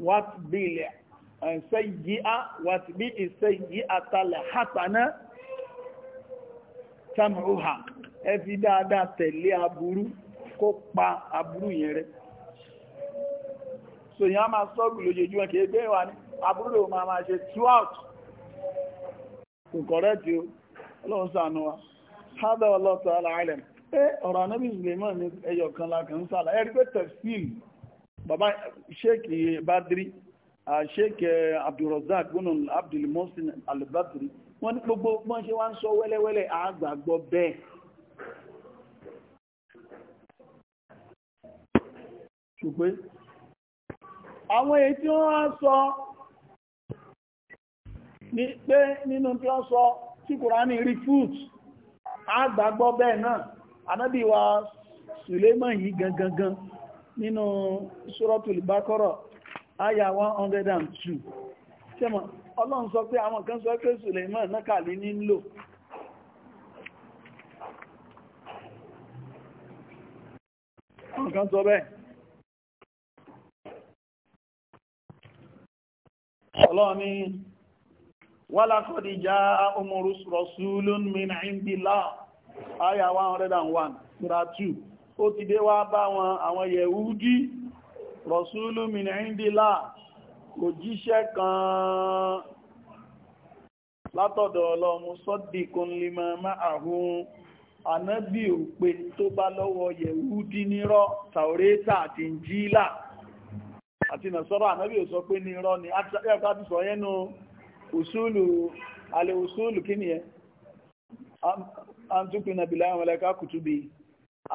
wàtíbílẹ̀ ẹ̀sẹ̀yíá wàtíbí ìsẹ̀yí àtàlẹ̀ hátàná ẹ fi dáadáa tẹ̀lé aburu kó pa aburu yẹn rẹ̀ so yàn máa sọ́gbù lójoojúmọ́ kìí gbé aburu ma ṣe throughout kò kọ̀rẹ́ tí wa hádà ọlọ́ta aláàlẹ̀m pé ọ̀rọ̀ anábì Suleiman ní ẹyọ kan lákan sálà ẹ̀rí pé tafsir bàbá sheikh badri sheikh abdulrazak gbónà abdulmosin albadri wọ́n ní gbogbo wọ́n ṣe wá ń sọ wẹ́lẹ́wẹ́lẹ́ àgbàgbọ́ bẹ́ẹ̀ ṣùgbọ́n àwọn èyí tí wọ́n wá sọ ní pé nínú tí wọ́n sọ tí Kùránì rí fúùtù àgbàgbọ́ bẹ́ẹ̀ náà anábì Suleiman yìí gangan nínú Suratul Baqara aya 102 sẹ́mọ̀ ọlọ́run sọ pé àwọn kan sọ pé Suleiman nákàlí nílò àwọn kan sọ bẹ́ẹ̀ ọlọ́run wálàkọ́dì já ọmọrú rasulun min indillah aya 101 sura 2 ó ti dé wá bá wọn àwọn yẹ̀húdí rasulun min indillah kò jíṣẹ́ kan látọ̀dọ̀ ọlọ́mú sọ́dìkún lima ma'ahum ànábì ò pé tó bá lọ́wọ́ yẹ̀húdí nírọ́ tàórẹ́tà àti ìnjílà àti nàṣọ́rọ̀ ànábì ò sọ pé nírọ́ ni a ti sọ yẹ́nu usulu alẹ́ usulu kí ni ẹ na bila àwọn ọlẹ́ká kùtùbí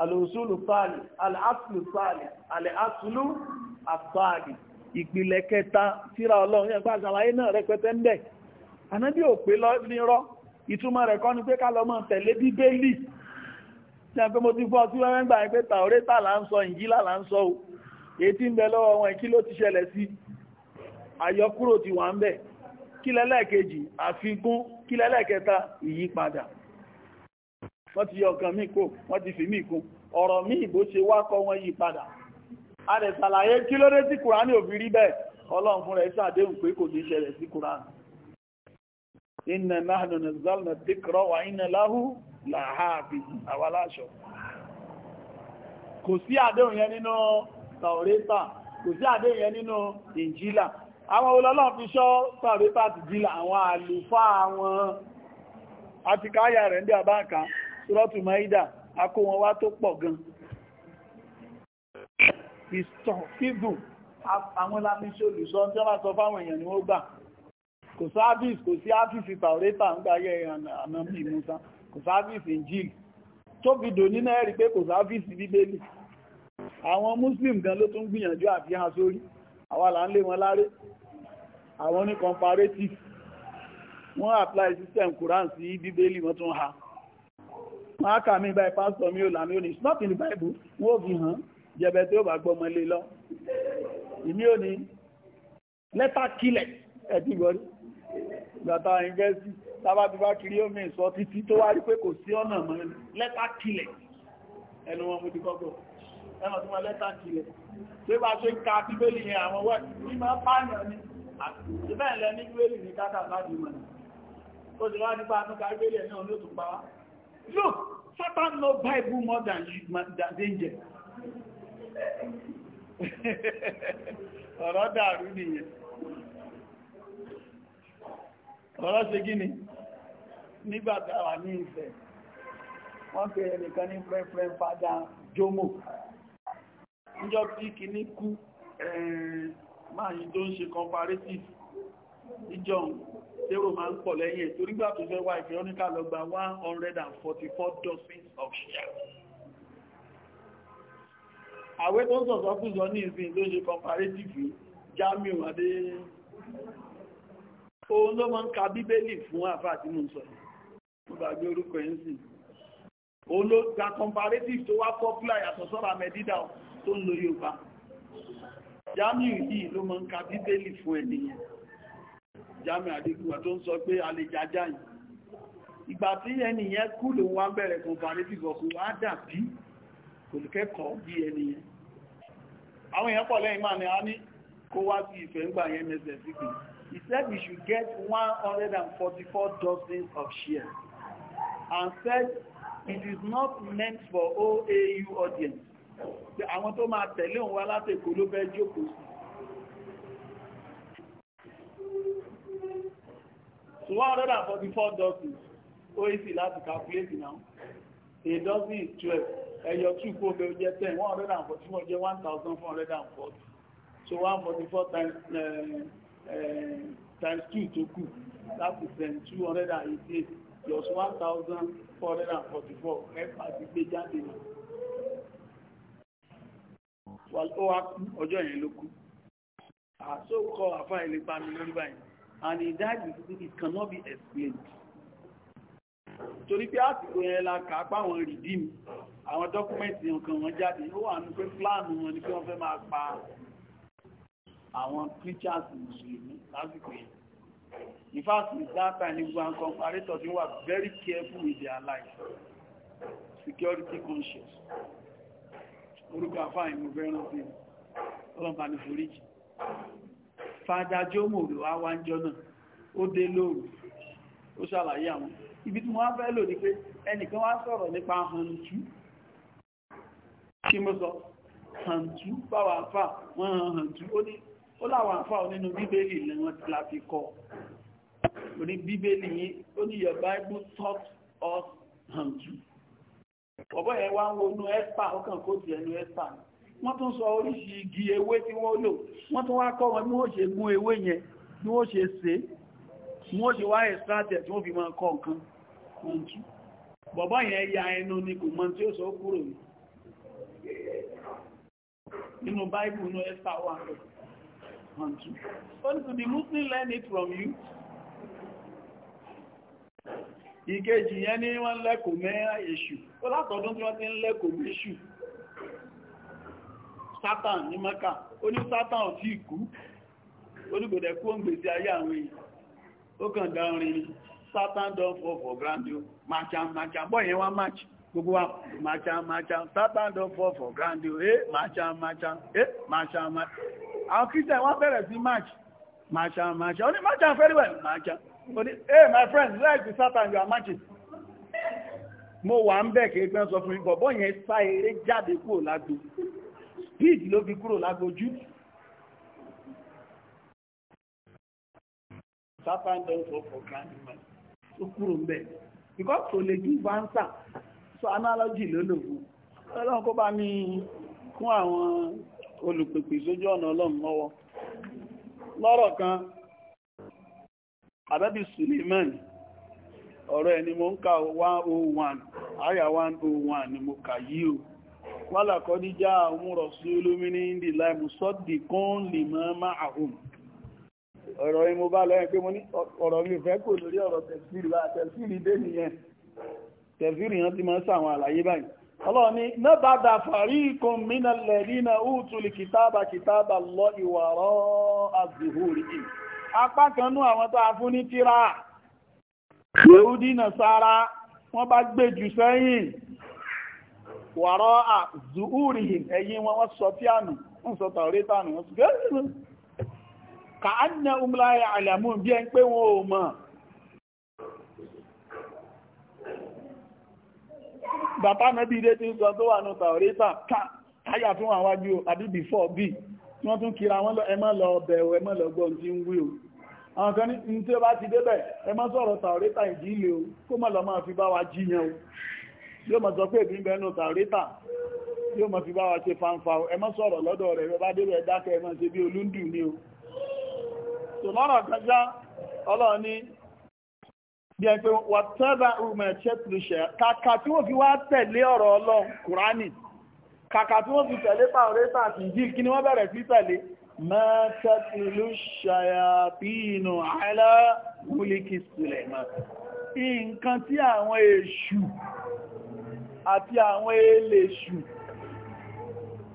alẹ́ usulu sáàlì alẹ́ asùlù sáàlì alẹ́ asùlù àsáàlì ìpìlẹ̀ kẹta síra ọlọ́run yẹn gbá àṣàlàyé náà rẹpẹtẹ ń bẹ̀ ànábì ò pé nírọ́ ìtumọ̀ rẹ̀ kọ́ ni pé ká lọ mọ́ tẹ̀lé bíbélì tí a pé mo ti fọ́ sí wẹ́wẹ́ gbà pé tàórẹ́tà là ń sọ ìnjílà là ń sọ o èyí tí ń bẹ lọ́wọ́ wọn kí ló ti ṣẹlẹ̀ sí àyọkúrò ti wà ń bẹ̀ kílẹ̀lẹ́ẹ̀kejì àfikún kílẹ̀lẹ́ẹ̀kẹta ìyípadà wọ́n ti yọ ọ̀kan mí kó wọ́n ti fi mí kún ọ̀rọ̀ mí ìbò ṣe wá kọ́ wọ́n yí padà a lè ṣàlàyé kí ló dé tí kùránì ò fi rí bẹ́ẹ̀ ọlọ́run fún rẹ̀ ṣàdéhùn pé kò ní ṣẹlẹ̀ sí kùránì wa inna lahu lahafizun àwa láṣọ kò sí àdéhùn yẹn nínú tàórẹ́tà kò sí àdéhùn yẹn nínú ìnjílà àwọn olọ́lọ́ fi ṣọ́ sọ̀rí pàtì jílà àwọn àlùfáà àwọn àtikáyà rẹ̀ ń bí àbáǹkà sọ́rọ̀tù maida akó wọn wá tó pọ̀ gan ìsọ̀fíbù àwọn lámíṣẹ́ olùṣọ́ tí wọ́n bá sọ fáwọn èèyàn ni wọ́n gbà kò sáàbìs kò sí áfíìsì tàórẹ́tà ń gbáyé ànàmì ìmúta kò sáàbìs injil tó fi dò nínú ẹ̀rí pé kò sáàbìs bíbélì àwọn muslim gan ló tún gbìyànjú àfihàn sórí àwa là ń lé wọn láré àwọn ní comparative wọ́n apply system Quran sí bíbélì wọ́n tún ha wọ́n á kà mí báyìí pásítọ̀ mi ò lámí òní it's not in the Bible wọ́n ò fi hàn jẹbẹ tí ó bá gbọ́ ọmọ ilé lọ ìmí ò ní lẹ́tà kílẹ̀ ẹ̀dí gbọ́rí gbàtà ìgẹ́sì sábà ti bá kiri omi ìsọ títí tó wá rí pé kò sí ọ̀nà mọ́ lẹ́tà kílẹ̀ ẹnu wọn mú ti kọ́kọ́ ẹmọ̀ tí wọ́n lẹ́tà kìlẹ̀ tí bá ṣe ń ka bíbélì yẹn àwọn wọ́n ní máa pààyàn ní look Satan know Bible more than than danger ọ̀rọ̀ dàrú nìyẹn ọ̀rọ̀ ṣe gíní nígbàtà wà ní ìfẹ́ wọ́n pè ẹnìkan ní fẹ́fẹ́ fada Jomo níjọ́ tí kìíní kú eh, máa yìí tó ń ṣe comparative níjọ́ tẹ́rò máa ń pọ̀ lẹ́yìn ètò nígbà tó fẹ́ wá ìfẹ́ oníkà lọ gba 144 dozens of shares àwẹ́ tó sọ̀sọ́ fún sọ ní ìsìn tó ṣe comparative Jamiu adé òun ló máa ń ka bíbélì fún àfáà tí mo sọ mo gbàgbé orúkọ ẹ̀ ń sìn òun ló gba comparative tó wá popular yàtọ̀ sọ́ra mẹ́dídà ọ̀hún tó ń lo Yorùbá Jamiu yìí ló mọ́ ń ka bíbélì fún ènìyàn Jamiu Adékúwà tó ń sọ pé a yìí ìgbà tí ènìyàn kú ló wá bẹ̀rẹ̀ comparative ọkùn wá dàbí olùkẹ́kọ̀ọ́ bí ènìyàn àwọn èèyàn pọ̀ lẹ́yìn máa ní a ní kó wá sí ìfẹ́ ńgbà yẹn mẹ́sẹ̀ síkì He said we should get 144 dozens of shares and said it is not meant for OAU audience àwọn tó máa tẹ̀lé òun wá látẹ̀kó ló fẹ́ jókòó sí so one hundred and forty-four dozens ó yí sí láti calculate now a dozen is twelve ẹyọ two kó bẹ jẹ́ ten one hundred and forty-four jẹ́ one thousand four hundred and forty so one forty-four eh, eh, times two tó kù that is eh, two hundred and eighty-eight plus one thousand four hundred and forty-four mẹ́fà ti gbé jáde náà ó wá kú ọjọ́ yẹn ló kú àsókọ àfá ilé pàmì nọ́mbà yìí and he died with it cannot be explained torí pé àsìkò yẹn la kà á páwọn rìdím àwọn dọ́kúmẹ́ntì nǹkan wọn jáde ó wà ní pé pláànù wọn ni pé wọ́n fẹ́ máa pa àwọn preachers mùsùlùmí lásìkò yẹn in fact with that time ní gbogbo àwọn comparators were very careful with their life security conscious orúkọ àfáàyìn mo fẹ́ rántí ọlọ́pàá ní foríjì fàájá jómò ló wá wá ń jọ náà ó dé lóòrù ó ṣàlàyé àwọn ibi tí wọ́n fẹ́ lò ní pé ẹnìkan wá sọ̀rọ̀ nípa hàntú kí mo sọ hàntú báwọn àfà wọ́n hàn ó ní your Bible taught us hàntú ọ̀bọ̀ yẹn wá ń wọnú ẹ́sà ọkàn kó ti ẹnu ẹ́sà wọ́n tún sọ oríṣi igi ewé tí wọ́n lò wọ́n tún wá kọ́ wọn bí wọ́n ṣe mú ewé yẹn bí wọ́n ṣe ṣe bí wọ́n ṣe wá ẹ̀sáàtẹ̀ tí wọ́n fi máa kọ́ nǹkan mọ́jú bọ̀bọ̀ yẹn ya ẹnu ni kò mọ̀ tí ó sọ kúrò nínú báìbù inú ẹ́sà wà mọ́jú ó ní could the Muslim learn it from you ìkejì yẹn ní wọ́n lẹ́kùn mẹ́ra èṣù ó látọ̀dún tí wọ́n ti ń lẹ́kùn méṣù sátán ní mẹ́kà ó ní sátán ò tí kú olùgbòdẹ̀ kú ó ayé àwọn èèyàn ó kàn don fall for grandio macha bọ́ yẹn wá match gbogbo wa macha sátán don fall for grandio eh eh macha àwọn wọ́n bẹ̀rẹ̀ sí match ó ní ó ní hey my friend like the satan you are magic mo wà ń bẹ̀ kéèkéé sọ fún mi bọ̀bọ̀ yẹn sá eré jáde kúrò lágbo speed ló fi kúrò lágbo jù satan don sọ for grandma ó kúrò ń bẹ̀ because kò lè give answer so analogy ló lò fún ọlọ́run kó bá mi kún àwọn olùpèpè sójú ọ̀nà ọlọ́run lọ́wọ́ lọ́rọ̀ kan àbẹ́bì Suleiman ọ̀rọ̀ ẹni mo ń 101 àyà 101 ni mo kà o wálà kọ́ ní já àwọn rọ̀sí olómìnì ìdí láìmù sọ́dì kún lè mọ́ máa àhùn ọ̀rọ̀ yìí mo bá lọ́yìn pé mo ní ọ̀rọ̀ mi fẹ́ kò lórí ọ̀rọ̀ tẹ̀síìrì tẹ̀síìrì dé nìyẹn tẹ̀síìrì apá kan nú àwọn tó a fún ní tíra yehudi nasara wọ́n bá gbé jù sẹ́yìn wàrọ́ à zuúrihìn ẹ̀yìn wọn wọ́n sọ píànù sọ ka á ní umláyà àlàmù bí ẹn pé wọn ò mọ̀ bàbá mẹ́bí ilé tí ń sọ tó wà ní tàórítà ká káyà fún àwọn àwájú 4b wọ́n tún kira wọ́n lọ ẹmọ́ lọ bẹ̀wò ẹmọ́ lọ gbọ́n tí ń wí o àwọn kan ní tí ó bá ti débẹ̀ ẹmọ́ sọ̀rọ̀ tàórítà ilé o kó mọ̀ lọ máa fi bá wa jíyàn o yóò mọ̀ sọ pé ìbí ń bẹnu tàórítà yóò mọ̀ fi bá wa ṣe fanfa o ẹmọ́ sọ̀rọ̀ lọ́dọ̀ rẹ̀ bá débẹ̀ dákẹ́ ẹmọ́ ṣe bí olúndù ni o tò kan já ọlọ́run bí pé wọ́n kàkà tí wọ́n fi tẹ̀lé pàórẹ́sà àti ìjì kí ni wọ́n bẹ̀rẹ̀ sí tẹ̀lé mẹ́tẹ́tìlú ṣàyàpínú aláwùlíkì Suleiman nǹkan tí àwọn èṣù àti àwọn eléṣù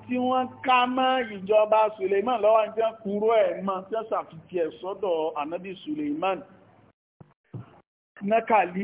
tí wọ́n ká mọ́ ìjọba Suleiman lọ́wọ́ ní tẹ́ kúrò ẹ̀ mọ́ tẹ́ sàfitì ẹ̀ sọ́dọ̀ ànábì Suleiman nákàlí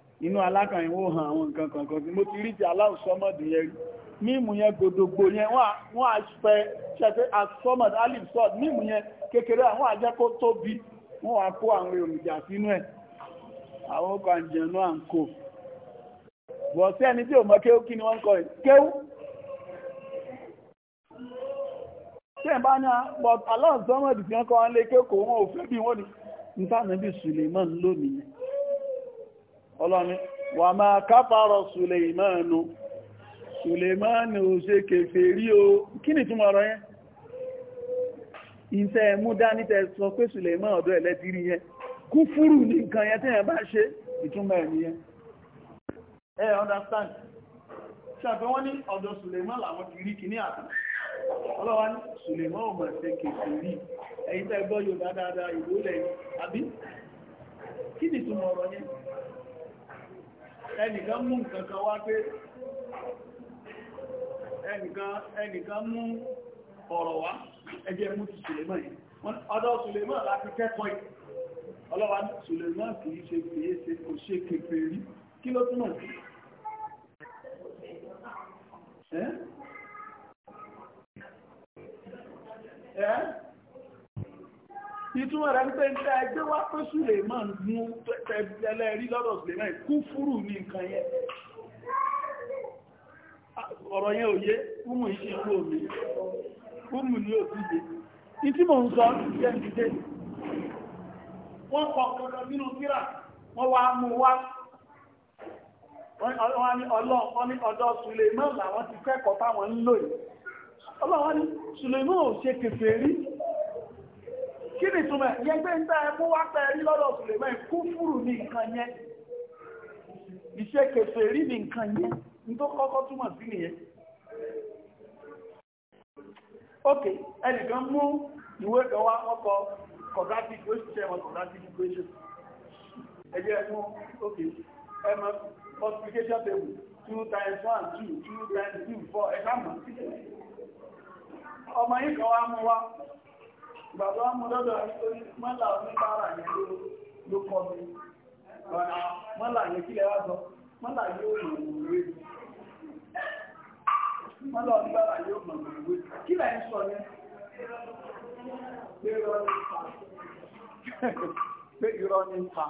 inú alaka ìwò hàn àwọn nǹkan kankan tí mo ti rí ti aláùsọ́mọ̀dì yẹn rí mímú yẹn gbogbogbò yẹn wọ́n á ṣẹ́fẹ́ asọ́mọ̀dì kekere mímú yẹn kékeré àwọn àjẹ́ tóbi wọ́n wá kó àwọn èròjà sínú ẹ̀ àwọn ọkọ̀ àjẹ̀nú à ń kò bọ̀ sí ẹni tí ò kéwú kí ni wọ́n ń kọ kéwú tí ẹ̀ bá ọlọ́ni wà máa káfàárọ̀ Sùlèmánù Sùlèmánù ò ṣe kèfè rí o kí ni túnmọ̀ ọ̀rọ̀ yẹn ìtẹ́ mú dání tẹ́ sọ pé Sùlèmánù ọ̀dọ̀ ẹ̀lẹ́tìrí yẹn kúfúrù ní nǹkan yẹn tẹ́yẹn bá ṣe ìtúnmọ̀ ẹ̀ nìyẹn ẹ understand ṣàfẹ́ wọ́n ní ọ̀dọ̀ Sùlèmánù làwọn ti rí kìíní àtàn ọlọ́wà ní Sùlèmánù ò mà ṣe kèfè rí ẹ̀yìn tẹ́ gbọ́ Yorùbá dáadáa ìwólẹ̀ àbí kí ni túnmọ̀ ọ̀rọ̀ yẹn ẹnìkan mú nǹkan kan wá pé ẹnìkan mú ọ̀rọ̀ wá ẹjẹ́ mú ti Suleiman yìí ọdọ́ Suleiman láti kẹ́kọ̀ọ́ yìí ọlọ́wà Suleiman kìí ṣe kìí ṣe kò ṣe kèfèé rí kí ló túnmọ̀ sí ẹ́ ìtumọ̀ rẹ̀ ń pé ń tẹ́ ẹgbẹ́ wá pé Suleiman mú tẹ́lẹ̀ rí lọ́dọ̀ Suleiman kú fúrù ní nǹkan yẹ ọ̀rọ̀ yẹn òye kúmù iṣẹ́ ikú omi kúmù ní òtíje ìtí mò ń sọ jẹ́ ìdíje wọ́n kọ kankan nínú kíra wọ́n wá mú wá wọ́n ní ọlọ́ọ̀kan ní ọ̀dọ̀ Suleiman làwọn ti kẹ́kọ̀ọ́ táwọn ń lò kí ni túnmẹ̀ yẹ gbé ń dáa mú wá pẹ́ rí lọ́dọ̀ Suleiman kú fúrù ní nǹkan yẹn iṣẹ́ kẹfẹ́ rí ní nǹkan yẹn ní tó kọ́kọ́ túmọ̀ sí nìyẹn ok ẹnìkan mú ìwé kan wá ọkọ̀ quadratic ó ṣiṣẹ́ wọn quadratic equation ẹjẹ́ mú ok ẹ mọ multiplication table two times one two two times two four ẹ̀ká mọ̀ ọmọ yìí kan wá mú wá bàbá mú lọ́dọ̀ nítorí mọ́là oníbàárà yẹn ló kọ́ mi mọ́là yẹn kílẹ̀ wá sọ mọ́là yóò mọ̀ òwe mọ́là oníbàárà yóò mọ̀ òwe kílẹ̀ ń sọ yẹn pé irọ́ ní pa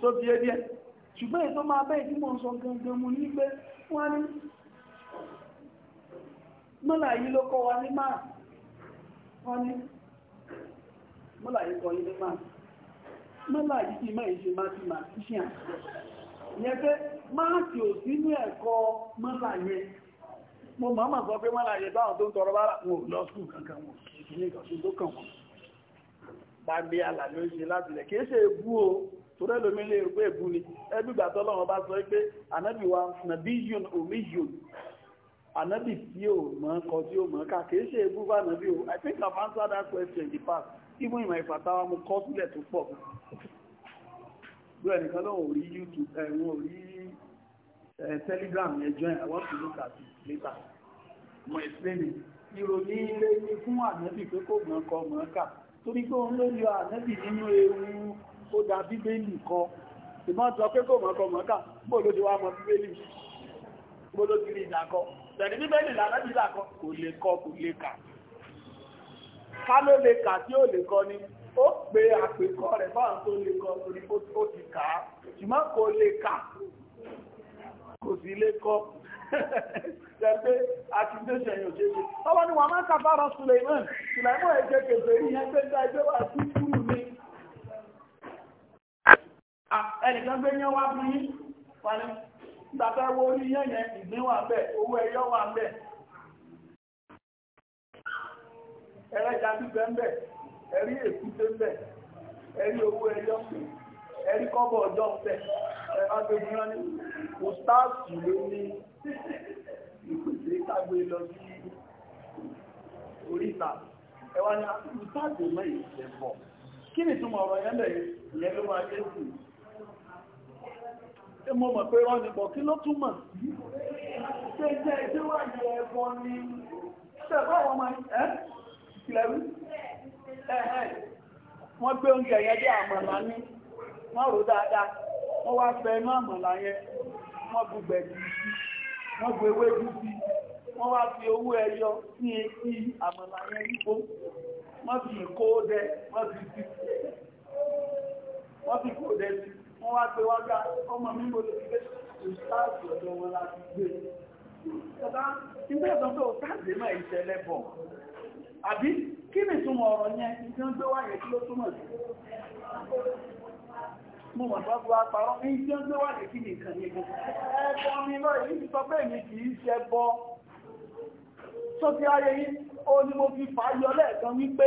tó bí ẹ díẹ̀ ṣùgbọ́n ètò máa bẹ́ẹ̀ tí sọ gangan mu ní pé wọ́n ní mọ́là yìí ló kọ́ wa ní máa wọ́n ní mọ́là yìí kọ́ yìí ní máa mọ́là yìí ti máa ìṣe máa ti máa ti ṣe àṣẹ yẹn pé máa ti ò sí ní ẹ̀kọ́ mọ́là yẹn mo máa máa sọ pé mọ́là yẹn báwọn tó ń tọrọ bára wọn ò lọ skùn kankan wọn ìṣẹ̀lẹ̀ ìkọ̀sí tó kàn wọn bá gbé àlà ló ṣe láti lẹ̀ kìí ṣe ebú o torẹ́ lómi lè rú ebú ni ẹgbígbà tọ́lọ́wọ́n bá sọ pé ànábìwá nàbí yun omi yun ànábì tí ò mọ̀ kọ tí ò mọ̀ ká kìí ṣe ebú bá ànábì o i think i've answered that question in the past even in my fatawa mo kọ sílẹ̀ tó pọ̀ bẹ́ẹ̀ nìkan lóun ò rí youtube ẹ̀wọ̀n ò rí telegram yẹn join i want to look at it later mo explain it ìròyìn ilé ní fún ànábì pé kò mọ̀ kọ mọ̀ ká torí pé òun ló yọ ànábì nínú ewu ó da bíbélì kọ ìmọ̀ sọ pé kò mọ̀ kọ mọ̀ ká bó ló ti wá mọ̀ bíbélì bó ló ti rí ìdákọ́ tẹ̀lé bíbélì lànàbí làkọ́ kò lè kọ kò lè kà ká ló lè kà tí ó lè kọ ni ó pe àpèkọ rẹ̀ báwọn tó lè kọ torí ó ti kà á ṣùgbọ́n kò lè kà kò sí lè kọ tẹ̀lé àti tẹ̀sẹ̀ yóò ọwọ́ ni wọ́n máa ń kàfàrọ̀ Suleiman Suleiman ẹ̀jẹ̀ kẹfẹ́ rí yẹn pé ń ẹgbẹ́ wà sí kúrú ni ah, ẹnìkan gbé yẹn wá fún yín wọ́n ní gbàtàwọ orí yẹ́yẹn ìgbín wà bẹ̀ owó ẹyọ wà bẹ̀ ẹlẹ́jà bíbẹ̀ ń bẹ̀ ẹ̀rí èkúté ń bẹ̀ ẹ̀rí owó ẹyọ ẹ̀rí kọ́bọ̀ ọjọ́ ń bẹ̀ agbègbè ní kòstáàsì ló ní ìpèsè lọ sí oríta ẹwà ní kí ni túnmọ̀ ọ̀rọ̀ yẹn bẹ̀rẹ̀ ìyẹn ló tí mo mọ̀ pé rọ́ nìbọ̀ kí ló túmọ̀ ṣe jẹ́ ìdíwájú ẹ̀bọn ni ṣẹ̀fọ́ àwọn ọmọ ẹ̀ ìlẹ̀rí wọ́n gbé oúnjẹ yẹn dé àmàlà ní wọ́n rò dáadáa wọ́n wá fẹ́ inú àmàlà yẹn wọ́n bu gbẹ̀dì sí wọ́n bu ewédú sí wọ́n wá fi owó ẹyọ sí etí àmàlà yẹn yípo wọ́n fi kóódẹ wọ́n fi kóódẹ sí wọ́n wá gbé wá gbá ọmọ mi mo lè gbé ìsáàtì ọ̀dọ̀ wọn láti gbé ìjọba ilé ẹ̀dọ́ tó káàdì mọ́ ìṣẹ̀lẹ̀ bọ̀ àbí kí ni túmọ̀ ọ̀rọ̀ yẹn tí wọ́n gbé wá yẹn kí ló túmọ̀ sí mo mọ̀ bá fún apàrọ̀ ní tí wọ́n gbé wá yẹn kí ni nǹkan yẹn ẹ̀bọ mi lọ èyí ti sọ pé èmi kì í ṣe bọ tó ayé yìí ó ní mo fi fà yọ lẹ́ẹ̀kan wípé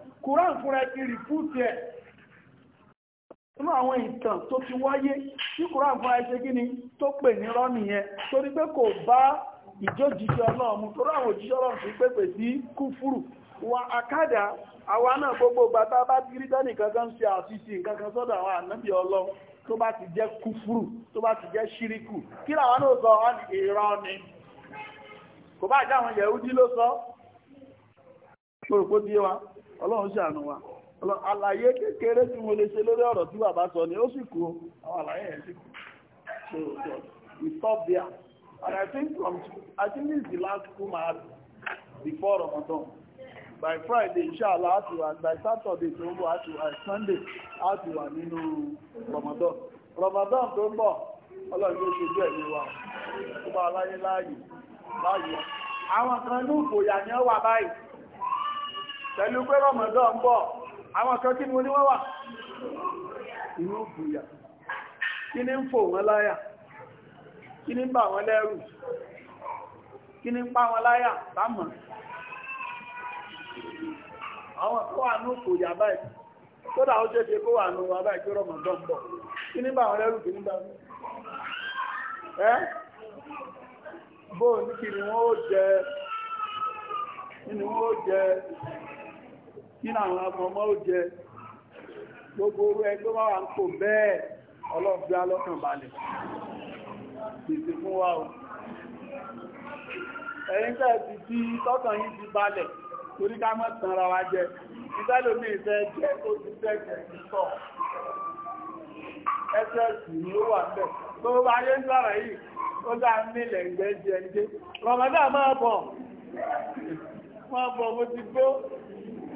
Quran fúnra ẹ̀ àwọn ìtàn tó ti wáyé tí Quran fúnra ẹ̀ kí ni tó pè ní yẹn pé kò bá ìjójíṣẹ́ Ọlọ́run torí àwọn òjíṣẹ́ sí kúfúrù àwa náà gbogbo ìgbà bá ti rí kankan àṣìṣe kankan sọ́dọ̀ àwọn ànábì tó bá ti jẹ́ kúfúrù tó bá ti jẹ́ ṣíríkù kí làwọn náà sọ kò bá ọlọ́run ṣàánú wa àlàyé kékeré tí mo lè ṣe lórí ọ̀rọ̀ tí bàbá sọ ni ó sì kú àwọn àlàyé ẹ̀ sì kú so so we stop there and I think from I think this is the last school I had before Ramadan by Friday inshallah àti wà by Saturday tó ń bọ̀ àti wà Sunday àti wà nínú Ramadan Ramadan tó ń bọ̀ ọlọ́run ló ṣojú ẹ̀mí wa ó bá aláyé láàyè láàyè àwọn kan ní ìfòyà ni ó wà báyìí pẹ̀lú pé rọmọdọ́ ń bọ̀ àwọn kan kí ni wọ́n ní wọ́n wà inú bùyà kí ni ń fò wọ́n láyà kí ni ń bà wọ́n lẹ́rù kí ni ń pa wọ́n láyà támọ̀ àwọn tó wà ní òkòyà báyìí tó dà ó jẹ́ kí bà lẹ́rù ni bà ẹ́ ni wọ́n ó kí àwọn ọmọ ó jẹ gbogbo orú ẹgbẹ́ wà ń kò bẹ́ẹ̀ ọlọ́gbẹ́ alọ́kàn balẹ̀ fún o ẹ̀yìn tẹ́ ti tí tọ́kàn yìí ti balẹ̀ torí ká mọ́ wa jẹ ìtẹ́lómi máa bọ̀ wọ́n bọ̀ mo ti gbó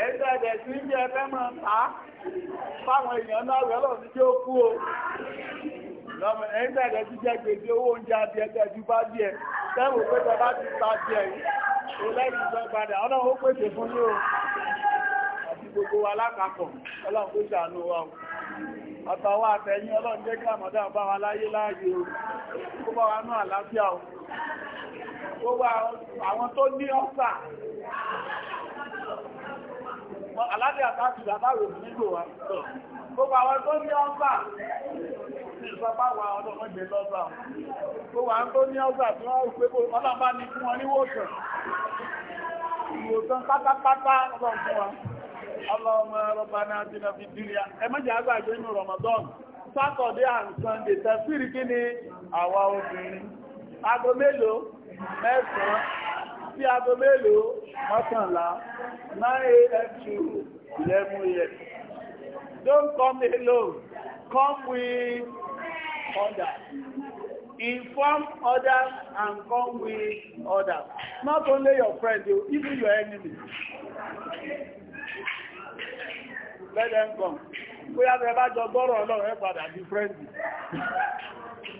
ẹ̀ẹ́dẹ́ ẹ̀dẹ̀ tí ń jẹ ẹgbẹ́ mọ̀ ta fáwọn èèyàn náà rẹ̀ tí ó kú o ẹ̀ẹ́dẹ́ ẹ̀dẹ̀ tí gbèdé owó oúnjẹ ẹgbẹ́ ju bá díẹ̀ tẹ́wò pé ti ta díẹ̀ tó lẹ́yìn ìjọ padà ọlọ́run ó pèsè fún ní o àti gbogbo wa lápapọ̀ ọlọ́run aláàdé àtàkì àbáwò nílò wa gbogbo àwọn tó ní ọ́gbà ìsọpá wa ọlọ́mọdé lọ́gbà gbogbo àwọn tó ní ọ́gbà tí wọ́n pé ọlọ́mà ní fún wọn níwòsàn ìwòsàn pátápátá ọlọ́run fún wa ọlọ́mọ ọlọ́pàá náà ti náà fi dìrìyà ẹmọ́jà àgbàjẹ́ inú Ramadan Saturday and Sunday tẹ̀sírí kí ni àwa obìnrin aago mélòó mẹ́sàn-án sí aago mélòó mọ́kànlá 9am to 11am don't come alone come with others inform others and come with others not only your friend even your enemy let them come We have just bóyá bẹ help jọ gbọ́rọ̀ ọlọ́run ẹ padà bí friend.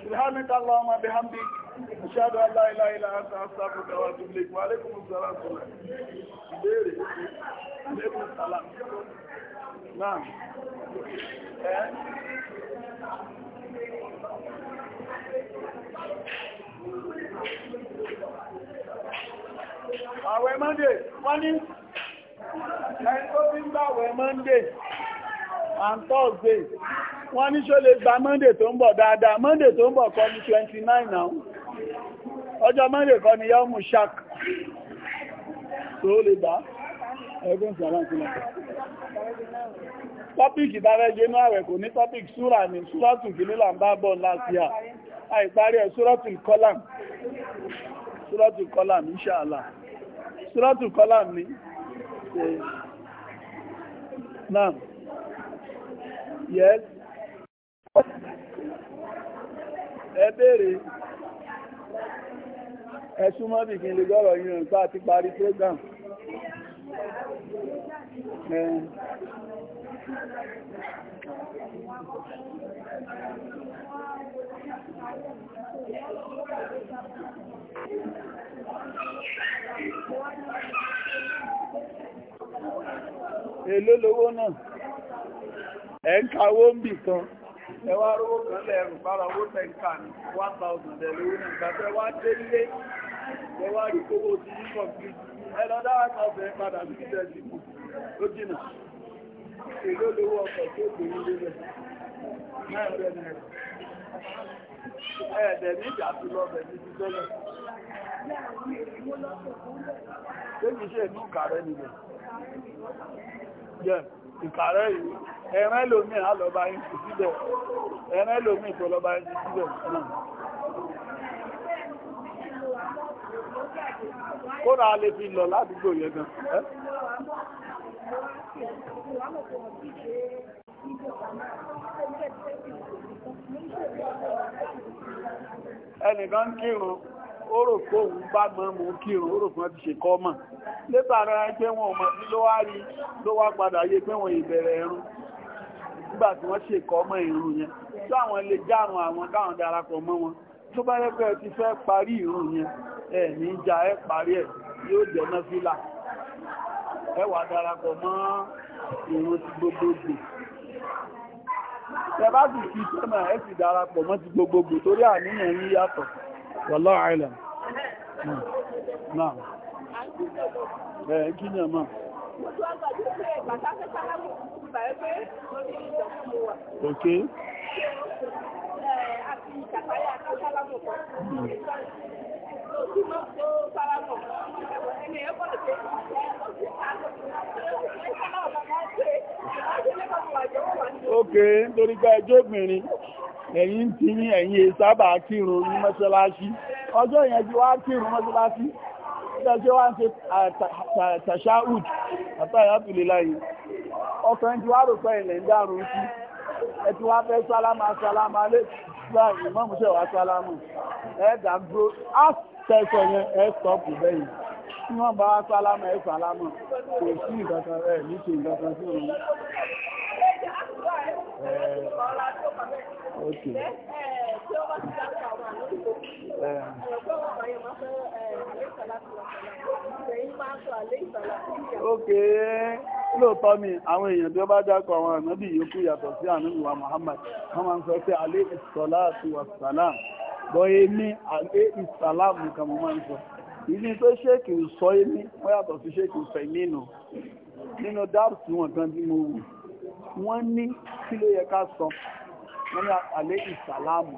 Subhanaka Allahumma bihamdik ìṣàdọ̀ aláìláìlá àti àṣàkùnkà wà tó lè wà lẹ́kùn sára sọ́lá ìbéèrè lẹ́kùn sálà náà ẹ́ àwẹ̀ mọ́ndé wọ́n ní ẹni tó bí ń gbà àwẹ̀ mọ́ndé and Thursday wọ́n ní ṣó lè gba Monday tó ń bọ̀ dáadáa Monday tó ń bọ̀ kọ́ ní 29 now ọjọ́ Monday kọ́ ní yọ́mù shark tó lè gbá ẹgbùn sàrántìlá tọ́pìkì tàbẹ́ jẹ́nú àwẹ̀ kò ní tọ́pìkì súrà ní súrọ́tù gínílà ń bá bọ́ láti à àìparí ẹ̀ súrọ́tù kọ́làm súrọ́tù kọ́làm ìṣàlá súrọ́tù kọ́làm ní Yes. Ẹ béèrè. Ẹ súnmọ́ bí kí n lè gọ́rọ̀ yìí rìn sáà ti parí program. Èló lówó náà. Enka wo ń bì kan ẹ wá rówó kan lẹ́rù bára owó tẹ̀ǹkà ní one thousand náà gbàtẹ́ wá ẹ wá rí ti ní complete ẹ lọ dá one thousand ẹ padà sí ìjẹ́ ìdìbò jìnà èló lówó ọkọ̀ tó gbé nílé rẹ̀ náà rẹ̀ náà ẹ̀ẹ̀dẹ̀ ní ìjàtú ní ìkàrẹ́ yìí ẹ̀rẹ́ lómi àlọ́bá yìí ti síbẹ̀ ẹ̀rẹ́ lómi ìtọ́lọ́bá yìí ti síbẹ̀ lè fi lọ yẹ ó rò pé òun bá mọ́ mú kírun ó rò pé wọ́n ti ṣe kọ́ mọ̀ lébàrá pé wọn ò mọ̀ sí ló wá rí ló wá padà yé pé wọn ìbẹ̀rẹ̀ ẹ̀rùn nígbà tí wọ́n ṣe kọ́ mọ́ ìrun yẹn tó àwọn lè járun àwọn káwọn darapọ̀ mọ́ wọn tó bá rẹ́pẹ́ ti fẹ́ parí ìrun yẹn ẹ̀ ní ìjà ẹ̀ parí ẹ̀ yóò jẹ́ náà fílà ẹ wá darapọ̀ mọ́ ìrun ti gbogbogbò tẹ sì fi tẹ́mà ẹ sì darapọ̀ mọ́ ti gbogbogbò torí àníyàn yíyàtọ̀ Wallahu a'lam náà ẹ̀ kí ni ọmọ ok ok nítorí gba ẹjọ́ obìnrin ẹ̀yin ti ní ẹ̀yin sábà kírun ní mọ́ṣáláṣí ọjọ́ yẹn ti wá kírun mọ́ṣáláṣí ṣẹ́ṣẹ́ wá ń ṣe tàṣáhùd àtàyàtùlé láyé ọkùnrin ti wá rò pé ilẹ̀ ń dárun sí ẹ ti wá fẹ́ sálámà sálámà lé gba ìmọ̀mùsẹ̀ wá sálámù ẹ dàgbò á tẹ̀sọ̀ yẹn ẹ sọ́ọ̀pù bẹ́yìn tí wọ́n bá wá ẹ sálámù kò sí ìgbàkan ẹ ní ṣe ìgbàkan sí òun ok. ok lóòótọ́ ni àwọn èèyàn tí ó bá dákọ̀ àwọn ànábì yòókù yàtọ̀ sí ànábìwà Muhammad wọ́n máa ń sọ pé alẹ́ ìsọ̀lá àti wàsálàm bọ́ èmi alẹ́ ìsàlám nìkan mo máa ń sọ ìní tó ṣèkì sọ èmi wọ́n yàtọ̀ sí ṣèkì fẹ̀mínú nínú dáàbò tí wọ́n kan tí mo wù wọ́n ní kí ló yẹ ká sọ wọ́n ní alẹ́ ìsàlámù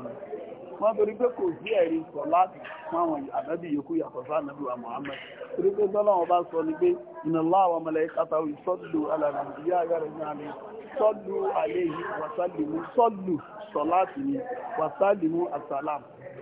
wọ́n torí pé kò sí ẹ̀rí sọ láti fún àwọn ànábì yòókù yàtọ̀ sí ànábì wa Muhammad torí pé tọ́lọ́wọ́n bá sọ ní pé inna Allaha wa malaikatahu yusallu ala nabiyyi ayára ní àmì sallu alayhi wa sallimu sallu sọ láti ní wa sallimu asàlámù